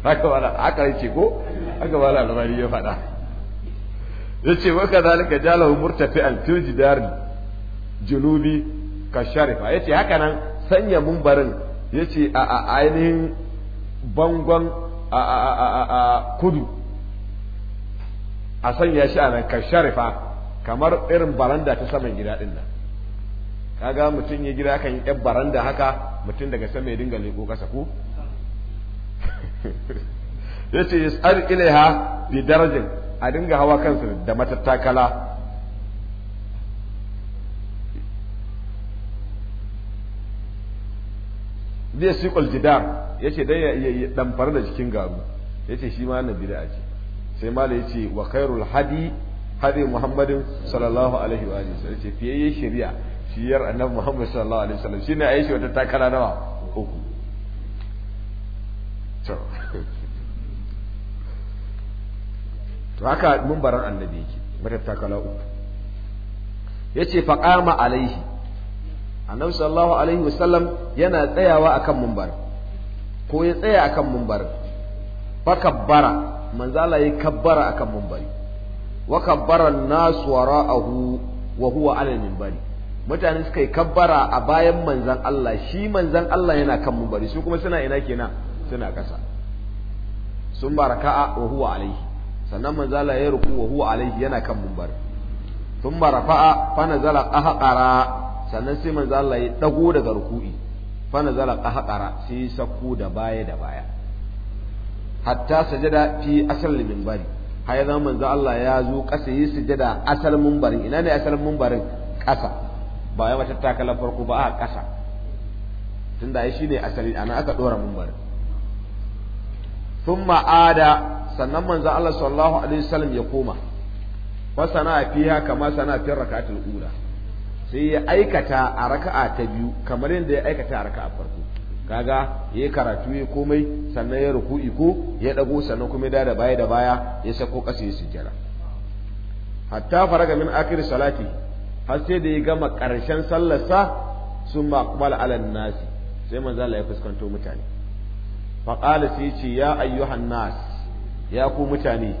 B: haka ba haka ce ko haka ba labari
A: ya faɗa ya ce wa ka zalika jalahu murtafi'an fil jidari junubi ka sharifa ya ce haka nan sanya mumbarin ya ce a ainihin bangon a kudu a sanya shi a nan ka sharifa kamar irin baranda ta saman gida din nan kaga mutum ya gida kan yi baranda haka mutum daga sama ya dinga leko kasa ko yace yas'al ilaiha bi darajin a dinga hawa kansa da matattakala zai siƙul jidar ya ce dai ya damfar da jikin garu ya ce shi ma na bida ce sai mala yace wa khairul hadi hadi muhammadin sallallahu alaihi wa sallam sai ce fiye shari'a shiyar annabi muhammad sallallahu alaihi wa sallam shine ayi wata takala nawa uku to to haka mumbaran annabi yake mata takala uku yace fa qama alaihi annabi sallallahu alaihi wa sallam yana tsayawa akan mumbar ko ya tsaya akan mumbar fa kabbara manzo Allah ya kabbara akan mimbari wa kabbara an-nas wara'ahu wa huwa 'ala mimbari mutane suka yi kabbara a bayan manzan Allah shi manzan Allah yana kan mimbari su kuma suna ina kenan suna kasa sun baraka'a wa huwa alaihi sannan manzo Allah ya ruku wa huwa alaihi yana kan mimbari sun barafa'a fa nazala qahqara sannan sai manzo Allah ya dago daga ruku'i fa nazala qahqara sai sakku da baya da baya hatta sajada fi asal minbari haya zama manzo Allah ya zo kasa yi sajada asal minbarin ina ne asal minbarin kasa ba ya wata takalar farko ba a kasa tunda shi ne asali ana aka dora minbarin thumma ada sannan manzo Allah sallallahu alaihi wasallam ya koma fa sana fiha kama sana fi rak'atul ula sai ya aikata a raka'a ta biyu kamar yadda ya aikata a raka'a farko kaga ya yi karatu ya komai sannan ya ruku'i ko ya ɗago sannan kuma ya da baya da baya ya sako ƙasa ya sujjara hatta faraga min akhir salati har sai da ya gama ƙarshen sallarsa sun maqbal ala nasi sai manzo Allah ya fuskanto mutane fa qala sai ce ya ayyuhan nas ya ku mutane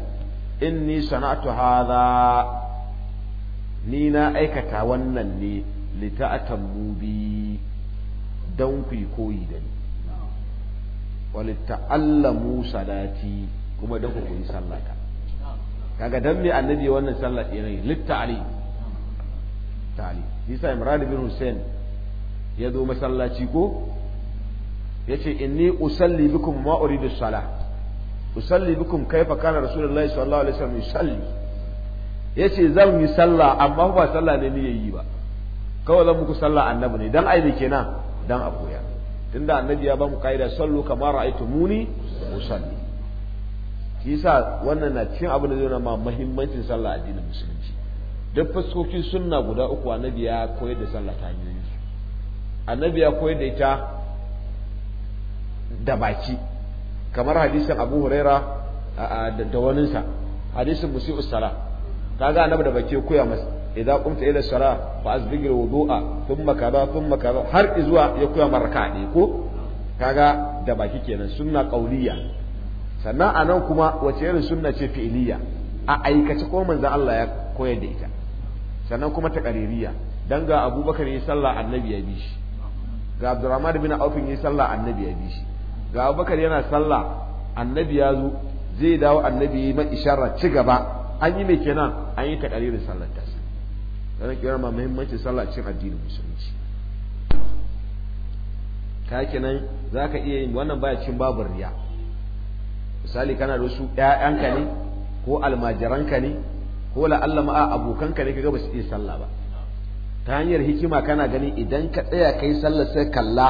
A: inni sana'tu hadha ni na aikata wannan ne lita'atan bi. don ku yi koyi da ni wani ta'allamu salati kuma don ku koyi sallata kaga dan me annabi wannan sallah ne litta'ali ta'ali isa imran bin hussein ya zo masallaci ko yace inni usalli bikum ma uridu salah usalli bikum kaifa kana rasulullahi sallallahu alaihi wasallam yusalli yace zan yi sallah amma ba sallah ne ne yayi ba kawai zan muku sallah annabi ne dan ai kenan dan a koya tunda annabi ya bamu kaida sallu kama ra'aytumuni usalli kisa yasa wannan na cikin abin da zai nuna muhimmancin sallah addinin musulunci duk fuskokin sunna guda uku annabi ya koyar da sallah ta hanyoyin su annabi ya koyar da ita da baki kamar hadisin Abu Huraira da waninsa hadisin musi'us sala kaga annabi da baki ya koya masa idza qumta ila salah fa azbigil wudu'a thumma kaza thumma kaza har zuwa ya koya mar raka'a ko kaga da baki kenan sunna qauliyya sannan anan kuma wace irin sunna ce fi'iliyya a aikace ko manzo Allah ya koyar da ita sannan kuma ta qaririyya dan ga Abubakar yi sallah annabi ya bi shi ga Abdurrahman bin Auf yi sallah annabi ya bi shi ga Abubakar yana sallah annabi ya zo zai dawo annabi ya yi mai isharar ci gaba an yi mai kenan an yi takaririn sallar sallarta. ranar kiyama muhimmancin sallah cin addinin musulunci ka nan za ka iya yin wannan baya cin babin riya misali kana da wasu ƴaƴanka ne ko almajiranka ne ko la'alla ma'a abokanka ne kaga ba su iya sallah ba ta hanyar hikima kana gani idan ka tsaya kai sallah sai kalla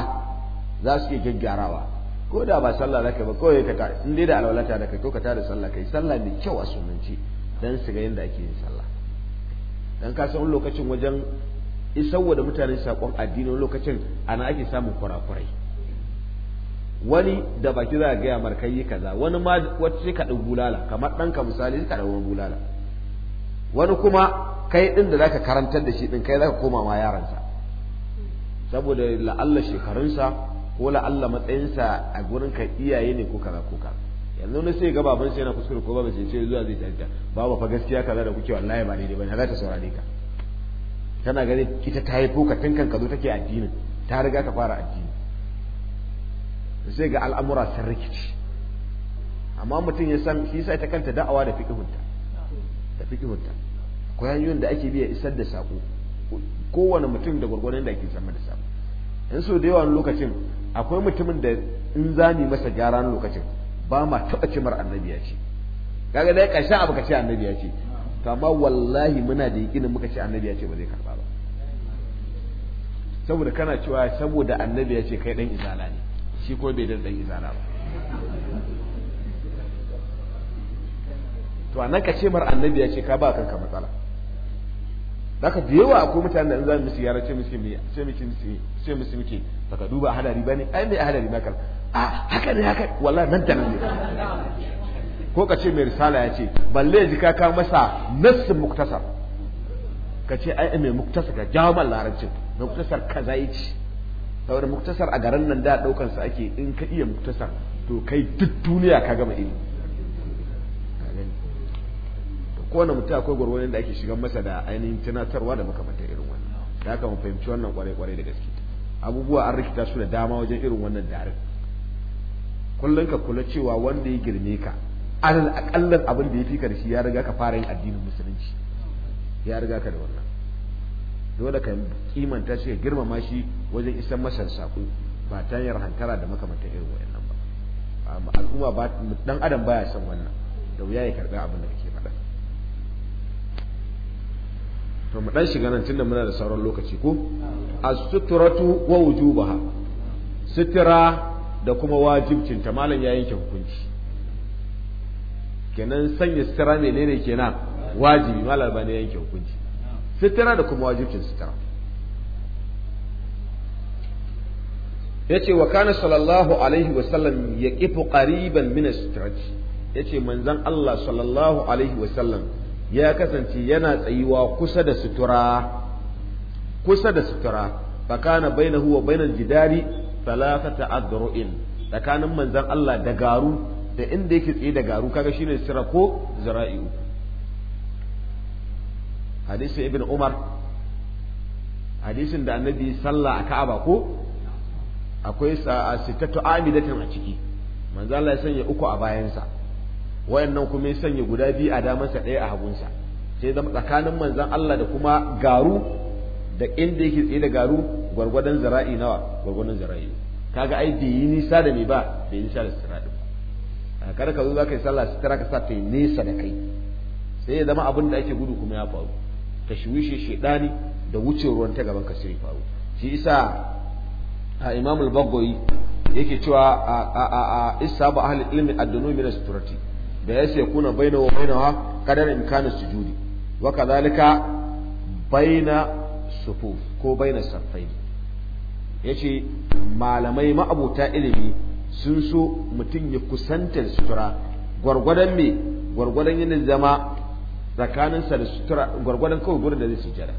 A: za su iya gaggarawa ko da ba sallah zaka ba kawai ka in dai da alwalata da ka ko ka tada sallah kai sallah mai kyau a sunanci dan su ga yadda ake yin sallah dan ka san lokacin wajen isarwa da mutane sakon addini lokacin ana ake samun kurakurai wani da baki za a gaya markai yi kaza wani ma wata sai ka bulala kamar ɗanka misali sai ka bulala wani kuma kai ɗin da zaka karantar da shi ɗin kai zaka koma ma yaransa saboda la'alla shekarunsa ko la'alla matsayinsa a gurin ka iyaye ne ko kaza ko kaza yanzu na sai ga baban sai yana kuskure ko babu sai zuwa zai tanta babu fa gaskiya kaza da kuke wallahi ba daidai bane za ta saurare ka tana gani ita ta haifo ka tun kan ka zo take addinin ta riga ka fara addini sai ga al'amura sun rikici amma mutum ya san shi sai ta kanta da'awa da fiqhunta da fiqhunta akwai hanyoyin da ake biya isar da sako kowane mutum da gurgurdan da ake samar da sako in so da yawan lokacin akwai mutumin da in zani masa gyara lokacin ba ma taɓa cimar annabi ya ce kaga dai ƙarshen abu ka ce annabiya ce to amma wallahi muna da yakinin muka ce annabiya ce ba zai karɓa ba saboda kana cewa saboda annabiya ce kai dan izala ne shi ko bai dan izala
B: ba to anan ka ce mar annabiya
A: ce ka ba kanka matsala zaka da yawa akwai mutanen da in za mu musu yara ce musu ce musu ce musu muke baka duba hadari bane ai mai hadari na kala
B: a haka ne haka wala nan da nan
A: ko ka ce mai risala ya ce balle ji ka kawo masa nassin muktasar ka ce ai mai muktasar ka jawo man larabcin muktasar yi ci saboda muktasar a garin nan da daukan sa ake in ka iya muktasar to kai duk duniya ka gama ilimi kowane mutum akwai gwargwaron da ake shigan masa da ainihin tunatarwa da makamantar irin wannan da aka mu fahimci wannan kwarai-kwarai da gaske abubuwa an rikita su da dama wajen irin wannan darin kullum ka kula cewa wanda ya girme ka alal akallan abin da ya fi karshe ya riga ka fara yin addinin musulunci ya riga ka da wannan dole ka kimanta shi ka girmama shi wajen isan masa sako ba ta hanyar rahantara da makamantan irin wayannan ba amma al'umma ba dan adam baya son wannan da wuya ya karɓi abin da kake faɗa to mu dan shiga nan tunda muna da sauran lokaci ko as-sutratu wa wujubaha sutra da kuma wajibcinta malam ya yanke hukunci kenan sanya sutura menene kenan wajibi malam ba ne yanke hukunci sutura da kuma wajibcin sutura ya ce wa kana sallallahu alaihi wasallam ya kifu ƙariban min suturati ya ce manzan Allah sallallahu alaihi wasallam ya kasance yana tsayuwa kusa da sutura kusa da sutura na bainahu wa bainal jidari thalathata adru'in tsakanin manzan Allah da garu da inda yake tsaye da garu kaga shine sira ko zira'i ibn umar hadisin da annabi sallah a ka'aba ko akwai sittatu amidatin a ciki manzo Allah ya sanya uku a bayansa wayannan kuma ya sanya guda biyu a damansa ɗaya a hagunsa sai zama tsakanin manzon Allah da kuma garu da inda yake tsaye da garu gwargwadon zara'i nawa gwargwadon zara'i kaga ai bai yi nisa da me ba bai yi nisa da sitira din ba kada ka zo za ka yi sallah sitira ka sa ta yi nesa da kai sai ya zama abin da ake gudu kuma ya faru shiwishe shedani da wuce ruwan ta gaban ka sai faru shi isa a imam al-baghawi yake cewa a a isa ba ahli ilmi ad-dunumi min as sitrati da yasa kuna bainahu wa bainaha kadar imkanu sujudi wa kadhalika baina sufuf ko baina safaini yace malamai ma'abuta ilimi sun so mutum ya kusanta sutura gwargwadon me gwargwadon yin zama tsakaninsa da sutura gwargwadon kawai gudun da zai sujjada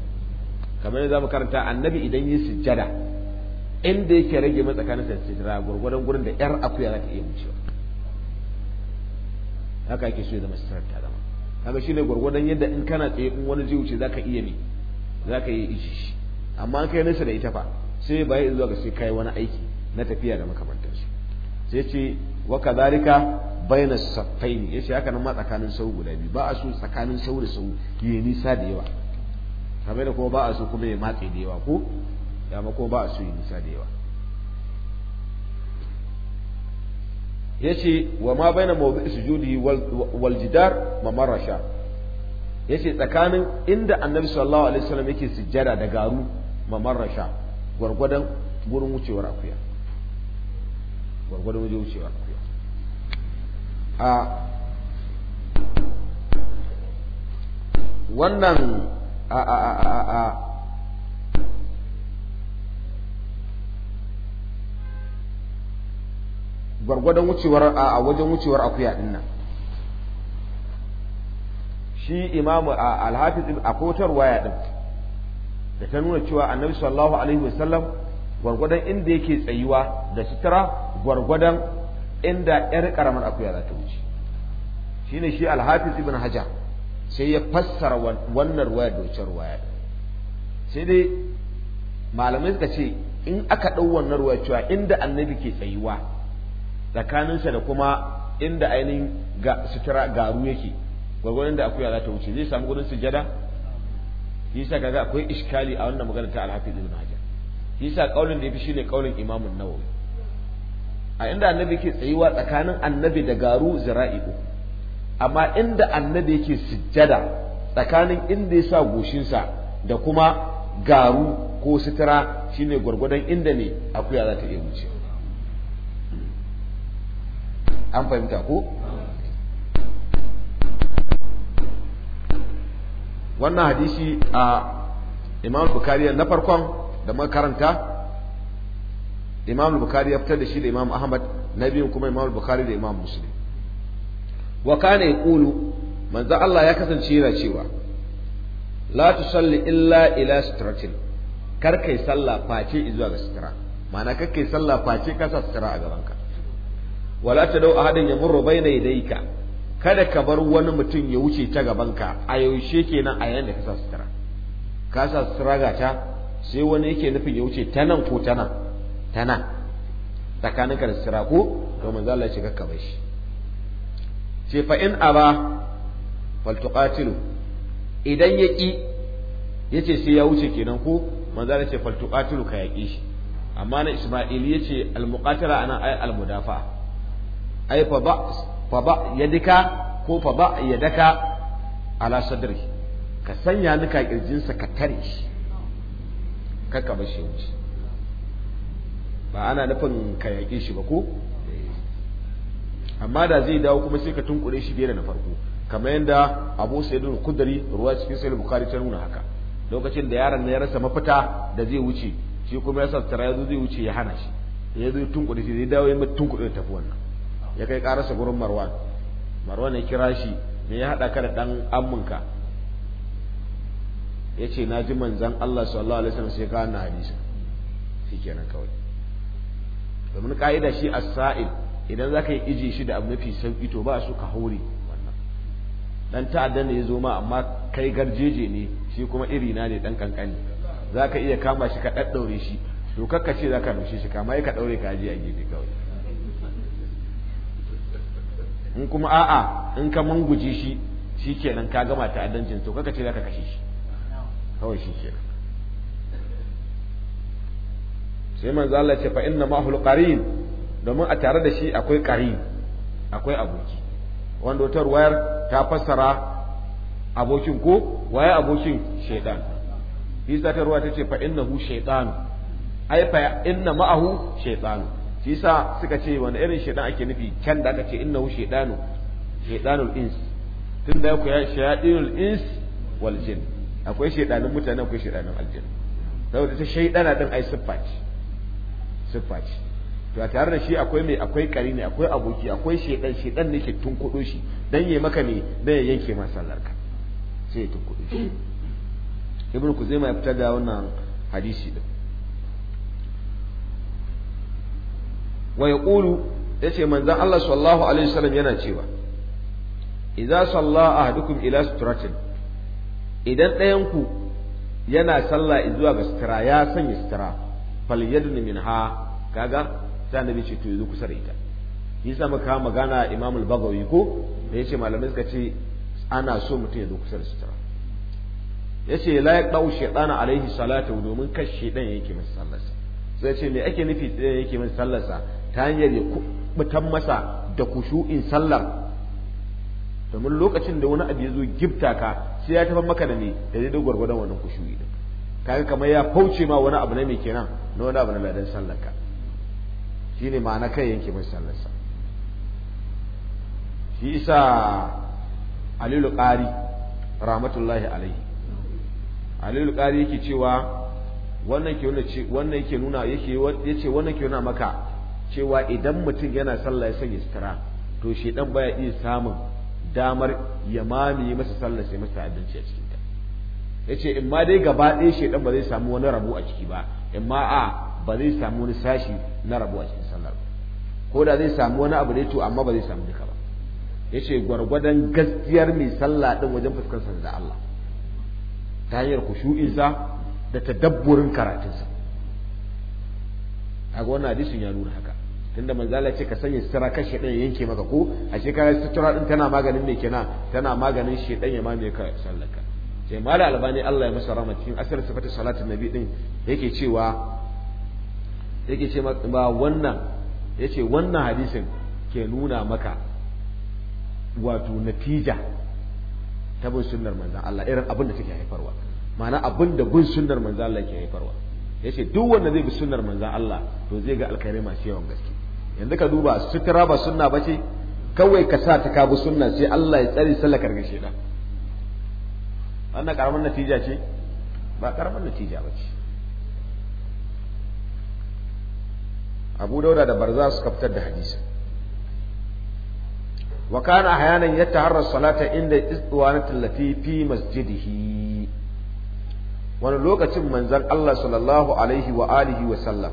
A: kamar yadda mu karanta annabi idan yi sujjada inda yake rage mai tsakaninsa da sutura gwargwadon gudun da yar akuya za ta iya wucewa haka yake so ya zama sutura ta zama shi shine gwargwadon yadda in kana tsaye in wani zai wuce za ka iya ne ka iya ishi amma an kai nesa da ita fa sai bai zuwa ga sai kai wani aiki na tafiya da makamantansu sai ce wa kadhalika baina saffaini yace haka nan ma tsakanin sau guda biyu ba a so tsakanin sau da sau yi nisa da yawa kamar da kuma ba a so kuma ya matse da yawa ko ya ma kuma ba a so yi nisa da yawa yace wa ma baina judi sujudi wal jidar mamarasha yace tsakanin inda annabi sallallahu alaihi wasallam yake sujjada da garu mamarasha gwargwadon gurin wucewar akuya gwargwadon wajen wucewar akuya a wannan a a a a a gwargwadon wucewar a wajen wucewar akuya din nan shi imamu alhafi a kotar waya din da ta nuna cewa annabi sallallahu alaihi wasallam gwargwadon inda yake tsayuwa da sutura gwargwadon inda yar karamar akuya za ta wuce shine shi alhafiz ibn hajar sai ya fassara wannan ruwaya da wacce ruwaya sai dai malamai suka ce in aka ɗau wannan ruwaya cewa inda annabi ke tsayuwa tsakaninsa da kuma inda ainihin sutura garu yake gwargwadon da akuya za ta wuce zai samu gudun sujada yasa kaga akwai iskali a wannan magana ta al-hafiz ibn hajar yasa kaulin da yafi shine kaulin imam an-nawawi a inda annabi ke tsayuwa tsakanin annabi da garu zira'i amma inda annabi yake sujjada tsakanin inda ya sa goshinsa da kuma garu ko sutura shine gwargwadon inda ne akuya za ta iya wuce an fahimta ko wannan hadisi a imam bukari na farkon da muka karanta imam bukari ya fitar da shi da imam ahmad na biyun kuma imam bukari da imam muslim wa kana yaqulu manzo Allah ya kasance yana cewa la tusalli illa ila sitratin kar kai sallah face zuwa ga sitra ma'ana kar kai sallah face ka sitra sitira a gabanka wala tadau ahadin yamurru bayna yadayka kada ka bar wani mutum ya wuce ta gabanka a yaushe kenan a da ka sa sutura ka sa sutura ga ta sai wani yake nufin ya wuce ta nan ko ta nan ta nan tsakaninka da sutura ko to manzo Allah ya ce kakka bai shi ce fa in aba faltuqatilu idan ya ki yace sai ya wuce kenan ko manzo Allah ya ce faltuqatilu ka yaki shi amma na Isma'il yace al-muqatala ana ay al-mudafa ay fa ba. faba yadika ko faba yadaka ala sadri ka sanya nika kirjinsa ka tare shi ka bar shi wuce ba ana nufin ka yaƙe shi ba ko amma da zai dawo kuma sai ka tunkure shi biyar da na farko kamar yadda Abu sai al Kudari, ruwa cikin sai bukari ta nuna haka lokacin da yaron na ya rasa mafita da zai wuce shi kuma ya sa tara ya zo zai wuce ya hana shi ya zo tunkure shi zai dawo ya mutu tunkure tafi wannan ya kai karasa gurin marwan marwan ya kira shi me ya haɗa ka da ɗan amminka ya ce na ji manzan Allah sallallahu alaihi wasallam sai ka na hadisa shi kenan kawai domin ka'ida shi a sail idan zaka yi iji shi da abu mafi sauki to ba su ka hori wannan dan ta'addan ne ya zo ma amma kai garjeje ne shi kuma iri na ne dan kankani zaka iya kama shi ka ɗaɗɗaure shi to kakka ce za ka rushe shi kama ya ka ɗaure ka aje a gefe kawai
B: in kuma a'a in
A: ka manguje shi shi nan ka gama ta'addancin to kaka ce za ka kashe shi kawai shi kenan sai man Allah ce fa inna ma'hul qarin domin a tare da shi akwai qarin akwai aboki wanda wata ruwayar ta fassara abokin ko waye abokin shaidan. isa ta ruwa ta ce fa innahu shaitan ai fa inna ma'ahu shaitan shi sa suka ce wani irin shaidan ake nufi can da aka ce innahu shaidanu shaidanul ins tun da ya ya shaidanul ins wal jin akwai shaidanun mutane akwai shaidanun aljin saboda ta shaidana din ai siffa ce siffa ce to a tare da shi akwai mai akwai kari ne akwai aboki akwai shaidan shaidan ne ke tunkudo shi dan yayi maka ne dan ya yanke ma sai ya tunkudo shi ibnu kuzaima ya fitar da wannan hadisi din wa ya ce manzan Allah sallallahu alaihi wasallam yana cewa idza salla hadukun ila Turatin, idan ɗayanku yana sallah zuwa ga sutura ya sanya sutura fal yadun ha gaga, sai annabi ce to yanzu kusa da ita yasa muka magana Imam al-Baghawi ko da ce malamai suka ce ana so mutum ya zo kusa da sutura ya la ɗau shaytana alaihi salatu domin kashi dan yake masa sallarsa sai ce me ake nufi dan yake masa sallarsa ta hanyar ya kubutan masa da kushu'in sallar domin lokacin da wani abu ya zo gifta ka sai ya tafi maka da ne da daidai gwargwadon wannan kushu'i din kaga kamar ya fauce ma wani abu na mai kenan na wani abu na ladan sallar ka shine ma'ana kai yanke mai sallar sa shi isa alilu qari rahmatullahi alaihi alilu qari yake cewa wannan ke wannan yake nuna yake yace wannan ke nuna maka cewa idan mutum yana sallah ya sanya sutura to dan baya iya samun damar ya mamaye masa sallah sai masa abinci a cikin ta yace in ma dai gaba ɗaya dan ba zai samu wani rabo a ciki ba in ma a ba zai samu wani sashi na rabo a cikin sallar ba, ko da zai samu wani abu ne to amma ba zai samu duka ba yace gwargwadon gaskiyar mai sallah din wajen fuskantar da Allah ta hanyar kushu'insa da tadabburin karatunsa a ga wannan hadisin ya nuna haka tunda manzala ce ka sanya sutura kan shedan ya yanke maka ko a shekara sutura din tana maganin me kenan tana maganin shedan ya mamaye ka sallaka sai mala albani Allah ya masa rahama cikin asirin sifatin salatin nabi din yake cewa yake ce ba wannan yace wannan hadisin ke nuna maka wato natija ta bin sunnar manzan Allah irin abin da take haifarwa ma'ana abin da bin sunnar manzan Allah ke haifarwa yace duk wanda zai bi sunnar manzan Allah to zai ga alkhairai masu yawan gaske yanzu ka duba sutura ba sunna ba ce kawai ka sa ta kabu sunna sai Allah ya tsare sallah karkashe da wannan karamar natija ce ba karamar natija ba ce Abu Dauda da Barza su fitar da hadisi wa kana ahyanan yataharra salata inda istiwanat allati fi masjidihi wani lokacin manzon Allah sallallahu alaihi wa alihi wa sallam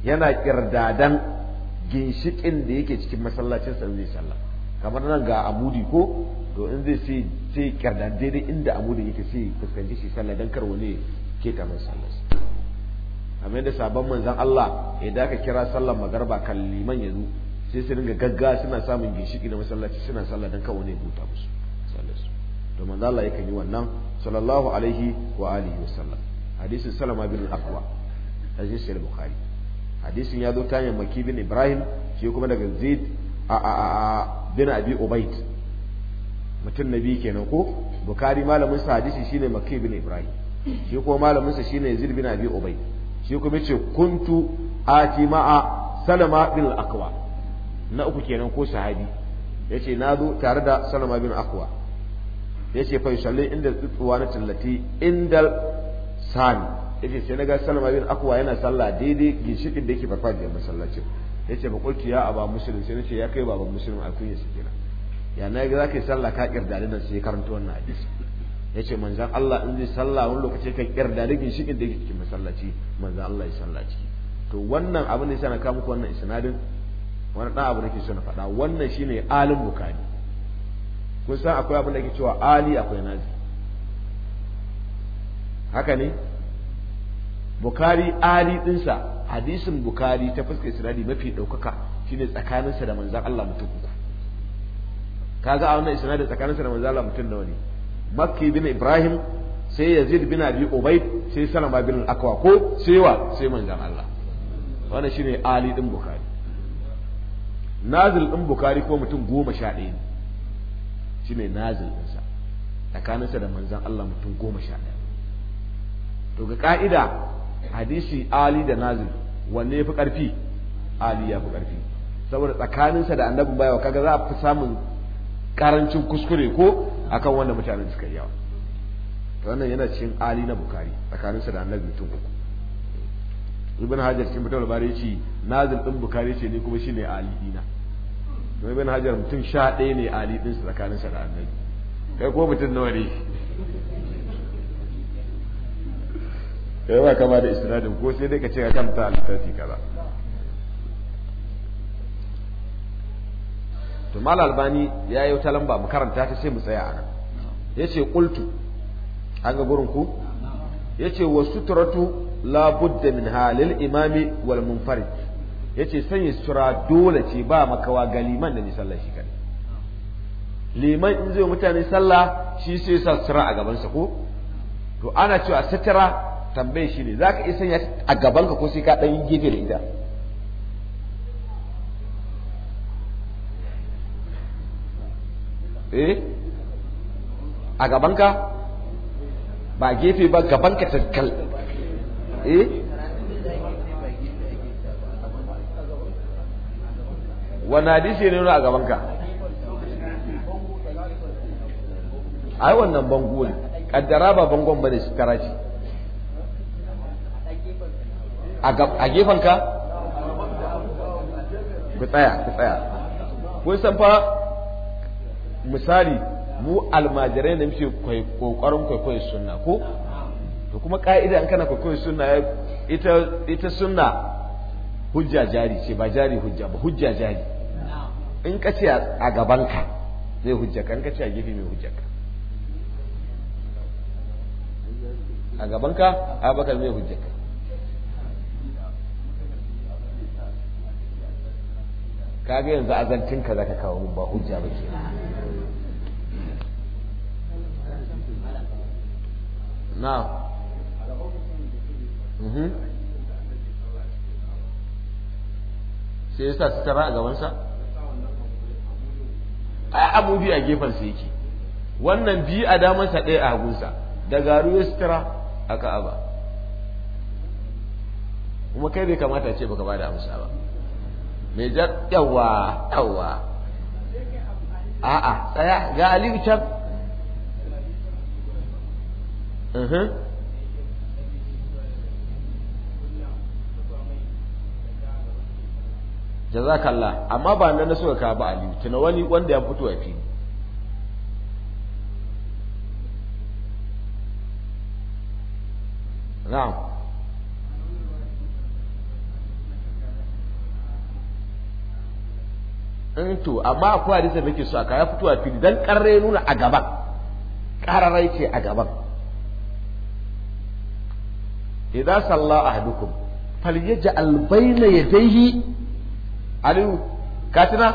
A: yana kirdadan ginshikin da yake cikin masallacin sa zai sallah kamar nan ga amudi ko to in zai sai sai kirdan daidai inda amudi yake sai fuskanci shi sallah dan kar wani ke ta mai sallah amin da sabon manzon Allah idan ka kira sallar magarba kan liman yanzu sai su ringa gagga suna samun ginshiki da masallaci suna sallah dan kar wani ya buta musu sallar su to manzo Allah yake yi wannan sallallahu alaihi wa alihi wa sallam hadisin salama bin al-aqwa hadisi al-bukhari hadisin ya zo ta hanyar maki bin ibrahim shi kuma daga zid a a a bin abi ubaid mutum na biyu kenan ko bukari malamin sa hadisi shine maki bin ibrahim shi kuma malamin sa shine zid bin abi ubaid shi kuma yace kuntu ati ma'a salama bin al-aqwa na uku kenan ko sahabi yace na zo tare da salama bin aqwa yace fa yusalli inda tsuwa na tallati indal sami yace sai na ga Salama bin Akwa yana sallah daidai ginshikin da yake farfajiyar masallacin yace ba kulti ya aba muslim sai nace ya kai baban muslim ya sike na ya na ga zaka yi sallah ka kirda da sai karanto wannan hadisi yace manzon Allah in zai sallah wani lokaci kan kirda da ginshikin da yake cikin masallaci manzon Allah ya sallah ciki to wannan abin da yasa na kawo muku wannan isnadin wani ɗan abu nake so na faɗa wannan shine alin bukari kun san akwai abin da ke cewa ali akwai nazi haka ne Bukari ali dinsa hadisin bukari ta fuskar israili mafi daukaka shine tsakaninsa da manzon Allah mutum uku kaga a wannan isnadi tsakaninsa da manzon Allah mutum nawa ne Makki bin Ibrahim sai Yazid bin Abi Ubayd sai Salama bin akwa ko sai wa sai manzon Allah wannan shine ali din bukari. nazil din bukari ko mutum goma sha ɗaya ne shine nazil ɗinsa tsakaninsa da manzon Allah mutum goma sha ɗaya to ga ka'ida hadisi ali da nazil wanne ya fi ƙarfi ali ya fi ƙarfi saboda tsakaninsa da annabin bayawa kaga za a fi samun ƙarancin kuskure ko akan wanda mutanen suka yi yawa wannan yana cikin ali na bukari tsakaninsa da annabi mutum uku ibn hajar cikin fitar labari ya ce nazil ɗin bukari ce ni kuma shi ne ali dina ibn hajar mutum sha ɗaya ne ali ɗinsa tsakaninsa da annabi kai ko mutum nawa ne
B: kai ba kama da istinadin ko sai dai ka ce ka kanta a littafi
A: kaza to mal albani ya yi wata lamba makaranta karanta ta sai mu tsaya a nan ya ce kultu an ga gurin ku ya ce wa suturatu la budda min halil imami wal munfarid ya ce sanya sutura dole ce ba makawa ga liman da sallah shi kadai liman in zai mutane sallah shi sai sa sutura a gabansa ko to ana cewa sutura tambaye shi ne za ka iya sanya a gaban ka ko sai ka dan gefe da ita eh a gaban ka
B: ba gefe ba gaban ka tankal eh wani hadisi ne nuna a gaban ka ai wannan
A: bango ne kaddara ba bangon da su karaci a gefenka
B: ku tsaya ku tsaya
A: kun san fa misali mu almajirai ne muke kokarin kwaikwayo sunna ko to kuma ka'ida in kana kwaikwayo sunna ita ita sunna hujja jari ce ba jari hujja ba hujja jari in ka ce a gabanka zai hujja ka in ka ce a gefe mai hujja ka
B: a gabanka abakar mai hujja ka kaga yanzu azantin ka zaka
A: kawo mun ba hujja ba ke na mhm. sai ya sa su tara a gabansa
B: a abu biyu a gefensa
A: yake wannan biyu a damansa ɗaya a hagunsa da garu ya sutura a ka'aba kuma kai bai kamata ce baka ba da amsa ba mai jar yawa yawa
B: a'a tsaya ga aliyu can jazakallah
A: amma ba nan suka ka ba aliyu tuna wani wanda ya fito ya fi na'am in eh, to amma akwai hadisin da ke so aka ya fito a fili dan karre nuna a gaban kararai ce a gaban idza salla ahadukum falyaj'al bayna yadayhi alu katina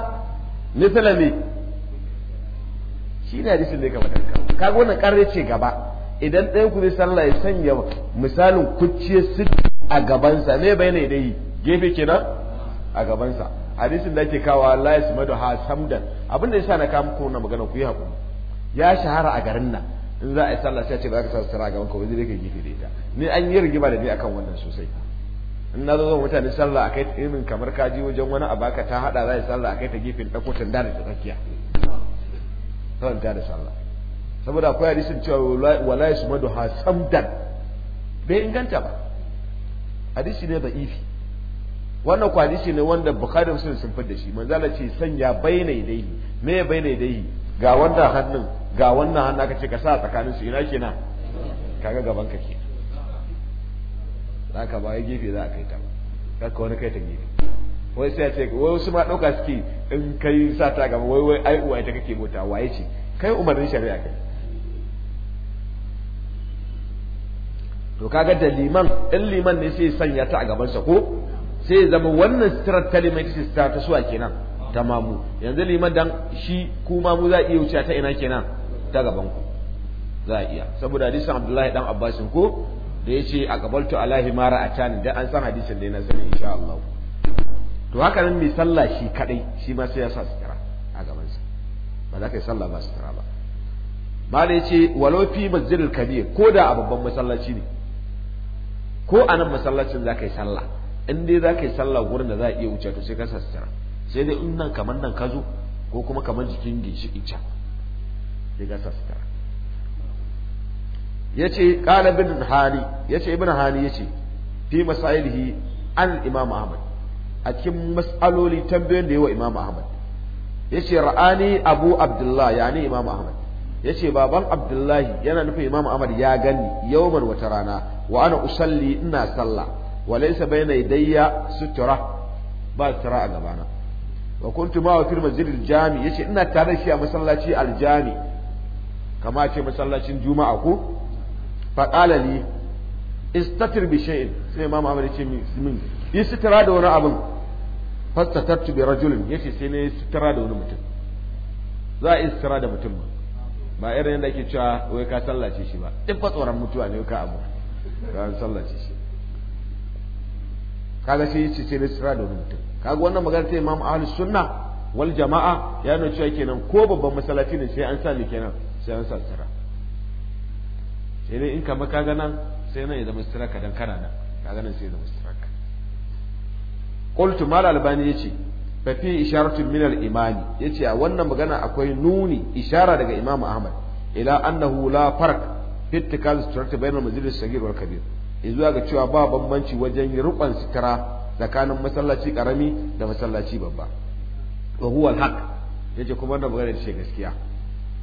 A: mithla ne? Shi hadisin da ya kama danka kaga wannan karre ce gaba idan ɗayan ku zai ya sanya misalin kucce su a gabansa ne bayna yadayhi gefe kenan a gabansa hadisin da ake kawo la yasmadu ha samdan abin da yasa na kawo muku wannan magana ku yi hakuri ya shahara a garin nan in za a yi sallah sai ce ba za ka sa sura a gaban ka wani zai kai gefe da ita ni an yi rigima da ni akan wannan sosai in na zo mutane sallah a kai irin kamar kaji wajen wani a baka ta hada za a yi sallah a kai ta gefen ɗauko tanda da tsakiya sallah ta da sallah saboda akwai hadisin cewa wala yasmadu ha samdan bai inganta ba hadisi ne da ifi wannan kwali ne wanda bukari muslim sun fi da shi manzo Allah ce sanya baina yadayhi me baina yadayhi ga wannan hannun ga wannan hannun aka ce ka sa tsakanin su ina kenan kaga gaban ka ke, za ka ba gefe za a kai ta ka wani kai ta gefe wai sai ce wai wasu ma ɗauka suke in kai sa ta gaba wai wai ai uwa ita kake bota waye ce kai umarnin shari'a kai to kaga da liman in liman ne sai sanya ta a gaban sa ko sai ya zama wannan sitirar kalima ta ce ta suwa kenan ta mamu yanzu liman dan shi kuma mamu za a iya wuce ta ina kenan ta gaban ku za a iya saboda hadisin Abdullahi dan Abbasin ko da ya ce a gabaltu alahi mara a canin da an san hadisin da na sani insha Allah to haka nan mai sallah shi kadai shi ma sai ya sa sutura a gaban sa ba za ka yi sallah ba sutura ba ba da ya ce walau fi masjidil kabir ko da a babban masallaci ne ko a nan masallacin za ka yi sallah in dai za ka yi sallah gurin da za a iya wuce to sai ka sassara sai dai in nan kamar nan ka zo ko kuma kamar jikin shi can sai ka sassara ya ce ƙala bin hani ya ce ibn hani ya ce fi masailihi an imam ahmad a cikin mas'aloli tambayoyin da yi wa imam ahmad ya ce ra'ani abu abdullah ya ne imam ahmad ya ce baban abdullahi yana nufin imam ahmad ya gani yawmar wata rana wa ana usalli ina sallah walaysa bayna yadayya sutura ba sutura a gabana wa kuntu ma wa fil masjid al jami yace ina tare shi a masallaci al jami kama ce masallacin juma'a ko fa qala li istatir sai imam Ahmad yace min sutura da wani abin fastatartu bi rajulin yace sai ne sutura da wani mutum za a yi sutura da mutum ba ba irin yadda ake cewa wai ka sallace shi ba duk fa tsoron mutuwa ne ka abu ka sallace shi kaga sai yace sai rajistara da wani mutum kaga wannan magana ta imam ahlus sunna wal jama'a ya nuna cewa kenan ko babban masallaci ne sai an sa ne kenan sai an sa sitira sai dai in ka kaga nan sai nan ya zama ka dan kana nan kaga nan sai ya zama ka qultu mal albani yace fa fi isharatu min al imani yace a wannan magana akwai nuni ishara daga imam ahmad ila annahu la farq fi ittikaz sitirati bainal masjid as-saghir wal kabir zuwa ga cewa ba bambanci wajen rukun tara tsakanin masallaci karami da masallaci babba wa huwa alhaq yace kuma da magana ce gaskiya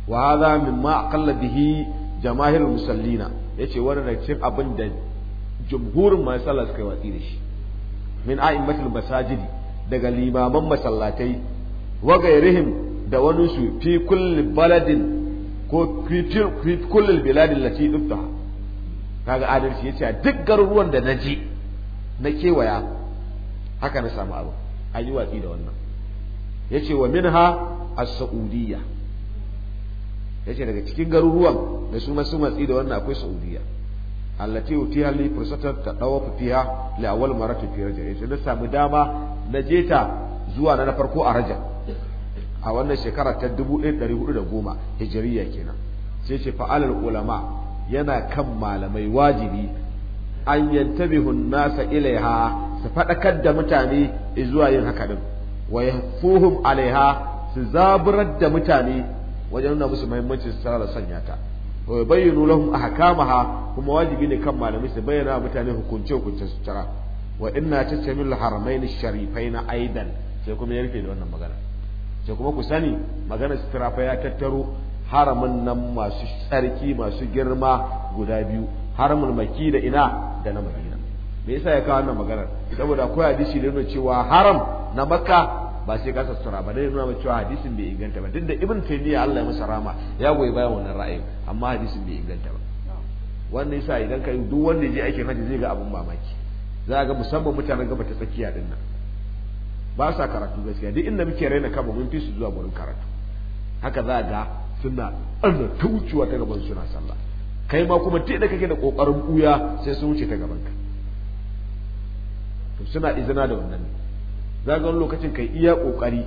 A: wa hadha mimma aqalla bihi jamaahirul musallina yace wannan da cikin abin da jumhurin masallaci suka yi watsi da shi min a'immatul masajidi daga limaman masallatai wa gairihim da wani su fi kulli baladin ko fi kulli biladin lati dubtaha kaga adalci yace duk garuruwan da na na kewaya haka na samu abu ayi yi watsi da wannan yace wa minha as-saudiyya yace daga cikin garuruwan da su masu matsi da wannan akwai saudiyya allati utiha li ta tadawafu fiha li awwal marati fi rajab yace na samu dama na je ta zuwa na farko a rajab a wannan shekara ta 1410 hijriya kenan sai ce fa'al ulama yana kan malamai wajibi an yantabihun nasa ilaiha su faɗakar da mutane zuwa yin haka din wa yafuhum alaiha su zaburar da mutane wajen nuna musu muhimmanci su tsara sanya ta wa yubayyinu lahum ahkamaha kuma wajibi ne kan malamai su bayyana mutane hukunce hukunce su tara wa inna tatamil haramain sharifaina aidan sai kuma ya rufe da wannan magana sai kuma ku sani magana sitrafa ya tattaro haramin nan masu tsarki masu girma guda biyu haramin maki da ina da na madina me yasa ya kawo wannan maganar saboda ko hadisi da nuna cewa haram na makka ba sai ka sassura ba dai nuna cewa hadisin bai inganta ba duk da ibn taymiya Allah ya masa rama ya goyi bayan wannan ra'ayi amma hadisin bai inganta ba wannan yasa idan kai duk wanda je aikin haji zai ga abun mamaki za ga musamman mutanen gaba ta tsakiya din nan ba sa karatu gaskiya duk inda muke raina kaba mun fi su zuwa gurin karatu haka za ga suna ana ta wucewa ta gaban suna sallah kai ma kuma te da kake da kokarin buya sai sun wuce ta gaban ka to suna izina da wannan za ga lokacin kai iya kokari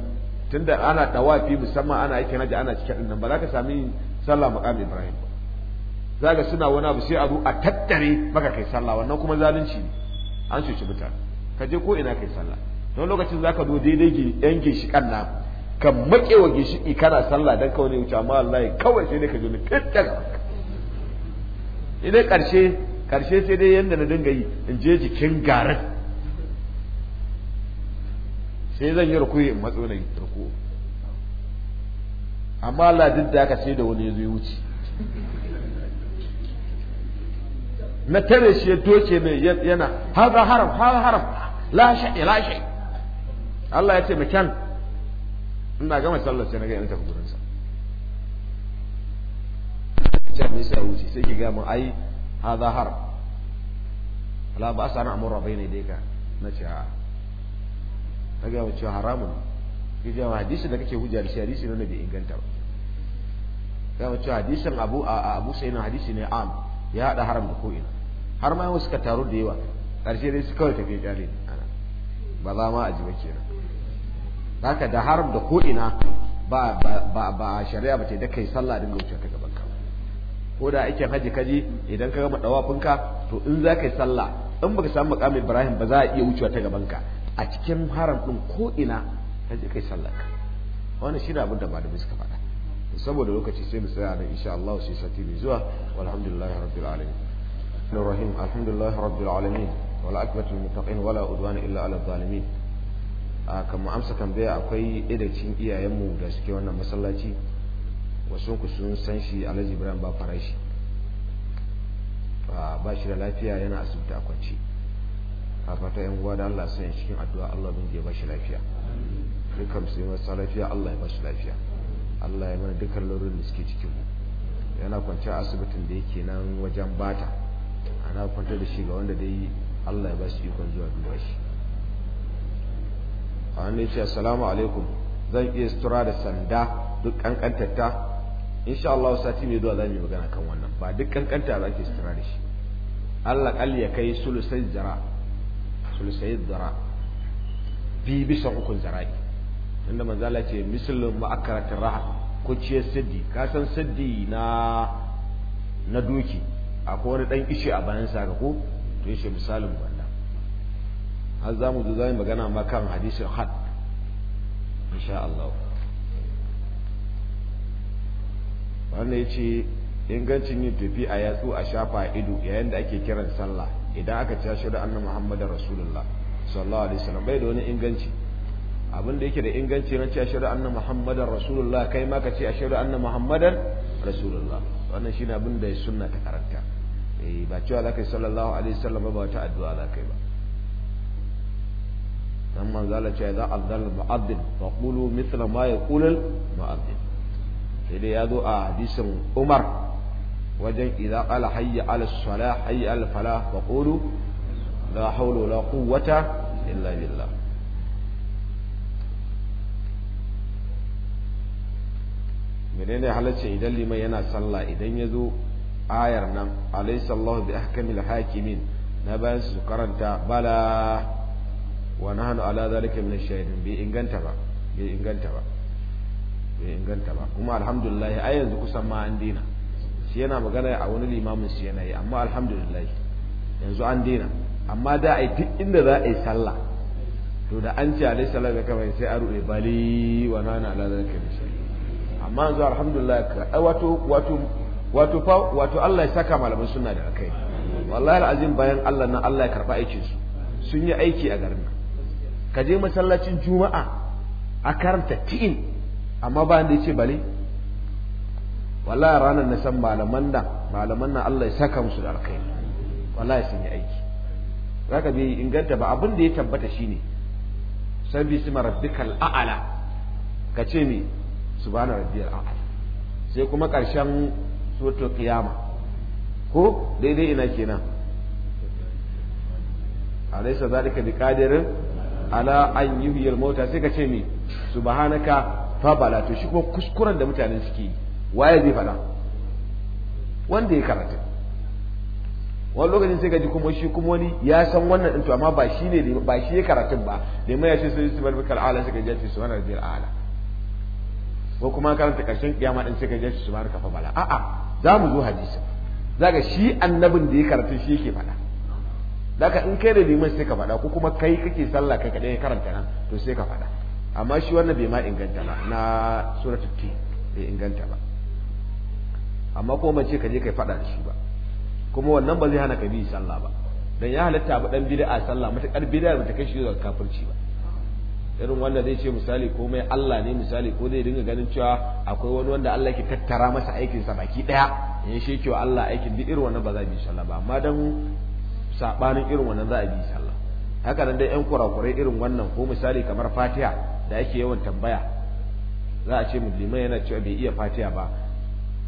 A: tunda ana dawafi musamman ana aiki haji ana cikin dinnan ba za ka sami sallah maqam ibrahim ba za ga suna wani abu sai abu a tattare maka kai sallah wannan kuma zalunci ne an cuci mutane ka je ko ina kai sallah don lokacin za ka zo daidai yan ginshikan na ka maƙe wa gishiki kana sallah dan kawai wuce amma wallahi kawai sai dai ka jini ni fit daga idan karshe karshe sai dai yadda na dinga yi in je jikin garin sai zan yi rukuyi in matso na yi ruku amma Allah duk da haka sai da wani ya zo ya wuce
B: na tare shi ya doce mai yana haza haram haza haram la shai la
A: Allah ya ce mu kyan ina gama sallar sai na ga in tafi gurin sa sai mai sai wuce sai ki ga mun ai hadha har la ba sa na rabbina bayna na ce a ta ga wuce haramun ki ga hadisi da kake hujja da shi hadisi ne bai inganta ba ga wace hadisin abu a abu sai na hadisi ne am ya hada haram da ko ina har ma wasu ka taru da yawa karshe dai su kawai tafi kyale ba za ma a ji kenan haka da haram da ko ina ba ba shari'a ba ta da kai sallah dinga wuce ta gaban ka ko da aikin haji kaji idan ka gama dawafinka to in za ka yi sallah in baka samu makamin ibrahim ba za a iya wucewa ta gaban ka a cikin haram din ko ina ka je kai sallah ka wannan shi ne abin da malamai suka faɗa saboda lokaci sai mu tsaya nan insha Allah sai sati mai zuwa walhamdulillahi rabbil alamin الرحيم الحمد لله رب العالمين والعقبة للمتقين ولا عدوان illa ala الظالمين kamar amsa tambaya akwai idacin iyayenmu da suke wannan masallaci wasu ku sun san shi alhaji ibrahim ba farashi ba shi da lafiya yana asibiti a kwanci a fata yan uwa da Allah sanya cikin addu'a Allah bin ya bashi lafiya dukkan su yi masa lafiya Allah ya bashi lafiya Allah ya mana dukkan lorin da suke cikin mu yana kwanci a asibitin da yake nan wajen bata ana kwantar da shi ga wanda dai Allah ya shi ikon zuwa duba shi a ya ce assalamu alaikum zan iya sutura da sanda duk kankantarta insha Allah sati mai zuwa za mu yi magana kan wannan ba duk kankanta za ke sutura da shi Allah kal ya kai sulusai zara sulusai zara bi bisa hukun zara'i inda manzala ce mislin ma'akaratin raha ko ciye siddi ka san siddi na na doki akwai wani dan ishe a bayan sa ko to yace misalin har za mu zo za mu magana ma kan hadisin had insha Allah wannan ya ce ingancin yin tafi a yatsu a shafa ido yayin da ake kiran sallah idan aka ci shi da annabi Muhammadu Rasulullah sallallahu alaihi wasallam bai da wani inganci abin da yake da inganci na shi da annan muhammadan rasulullah kai ma ka ce da annan muhammadan rasulullah wannan shine abin da sunna ta karanta eh ba cewa zaka yi sallallahu alaihi wasallam ba ta addu'a zaka yi ba dan manzala ce za a zalla mu'addin fa kulu mithla ma yaqulu mu'addin sai dai ya zo a hadisin Umar wajen idza ala hayya ala salah hayya ala fala fa kulu la hawla wala quwwata illa billah menene halacce idan liman yana sallah idan ya zo ayar nan alaysa Allah bi ahkamil hakimin na bayan su karanta bala wa nahnu ala zalika min ash-shahidin bi inganta ba bi inganta ba bi inganta ba kuma alhamdulillah ai yanzu kusan ma an dina shi yana magana a wani limamin shi yana yi amma alhamdulillah yanzu an dina amma da ai duk inda za a yi sallah to da an ce alaihi salatu wasallam sai a ruɗe bali wa nahnu ala zalika min ash-shahidin amma yanzu alhamdulillah wato wato wato fa wato Allah ya saka malaman sunna da akai wallahi alazim bayan Allah nan Allah ya karba aikin su sun yi aiki a garin ka je masallacin juma'a a karanta ti'in amma ba da ya ce bale wallahi ranar na san malaman da malaman nan Allah ya saka musu da alkhairi wallahi sun yi aiki zaka bi inganta ba abin da ya tabbata shine sabbi sima rabbikal a'ala ka ce me subhana rabbiyal a'ala sai kuma karshen suratul qiyama ko daidai ina kenan alaysa zalika biqadirin ala an yuhyil mota sai ka ce mi subhanaka fa bala to shi kuma kuskuren da mutane suke yi waye zai fada wanda ya karanta wani lokacin sai ka ji kuma shi kuma wani ya san wannan din to amma ba shi ne ba shi ya karatun ba da mai ya ce sai su bar ala sai ka ji ce wani rajiyar ala ko kuma karanta karshen kiyama din sai ka ji su ka kafa bala a'a za mu zo hadisi zaga shi annabin da ya karatun shi yake fada daga in kai da liman sai ka fada ko kuma kai kake sallah kai kaɗai karanta nan to sai ka faɗa amma shi wannan bai ma inganta ba na suratul tin bai inganta ba amma kuma mace ka je kai faɗa da shi ba kuma wannan ba zai hana ka bi sallah ba dan ya halatta ba dan bid'a sallah matakar bid'a ba ta kai shi zuwa kafirci ba irin wanda zai ce misali komai Allah ne misali ko zai dinga ganin cewa akwai wani wanda Allah ke tattara masa aikin sa baki daya shi shekewa Allah aikin duk irin wannan ba za bi sallah ba amma dan sabanin irin wannan za a bi sallah haka nan dai yan kurakurai irin wannan ko misali kamar fatiha da yake yawan tambaya za a ce liman yana cewa bai iya fatiha ba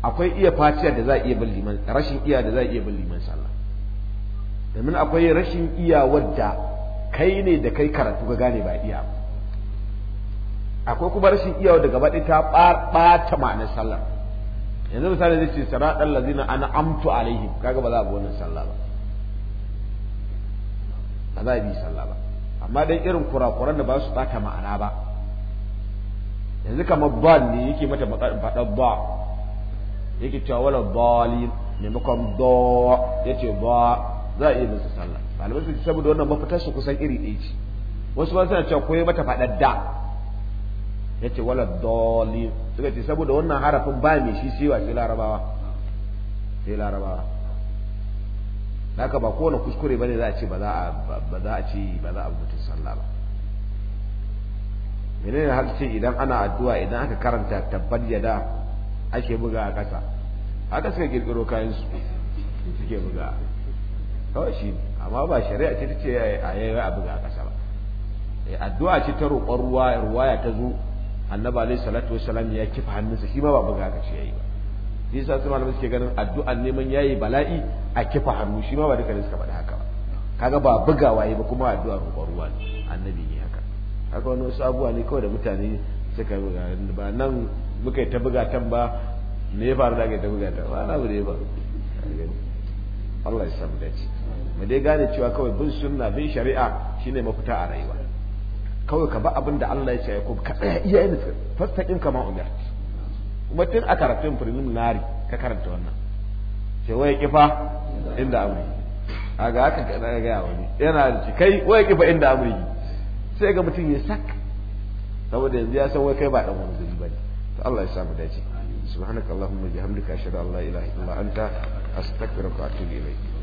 A: akwai iya fatiha da za a iya bin liman rashin iya da za a iya bin liman sallah domin akwai rashin iya wadda kai ne da kai karatu ga gane ba iya akwai kuma rashin iya wadda gaba ɗaya ta ɓata ma'anar sallah yanzu misali zai ce sara ɗan lazina ana amtu alaihim kaga ba za a bi wannan sallah ba ba za a bi sallah ba amma dai irin kurakuran da ba su taka ma'ana ba yanzu kamar ba ne yake mata faɗa ba yake cewa wala dalil maimakon do yace ba za a iya musu sallah malamai su saboda wannan mafitar su kusan iri ɗaya ce wasu ba suna cewa koyi mata faɗar da yace wala dali suka ce saboda wannan harafin ba mai shi sai wa sai larabawa sai larabawa haka ba kowane kuskure bane za a ce ba za a ba za a ci ba za a mutum sallah ba menene haka ce idan ana addu'a idan aka karanta tabbat yada ake buga a ƙasa haka suka kirkiro kayan su suke buga kawai shi amma ba shari'a ce ta ce a yayi a buga a ƙasa ba eh, addu'a ce ta roƙon ruwa ruwaya ta zo annabi alaihi salatu wasalam ya kifa hannunsa shi ma ba buga haka ce yayi ba shi yasa su malamai suke ganin addu'an neman yayi bala'i a kifa hannu shi ma ba duka ne suka faɗi haka ba kaga ba bugawa yi ba kuma addu'a roƙon ruwa ne annabi ne haka haka wani wasu abubuwa ne kawai da mutane suka ba nan muka yi ta buga tan ba me ya faru da aka ta buga tan ba na bude ba. Allah ya samu dace mu dai gane cewa kawai bin sunna bin shari'a shine mafita a rayuwa kawai ka ba abin da Allah ya ce ya kuma ka tsaya iya yin ka kama umar kuma tun a karatun preliminary ka karanta wannan ce waya kifa inda amuri a ga haka ka gaya wani yana da kai waya kifa inda amuri sai ga mutum ya sak saboda yanzu ya san wai kai ba dan wani gari bane to Allah ya samu dace subhanakallahumma bihamdika ashhadu an la ilaha illa anta astaghfiruka wa atubu ilayk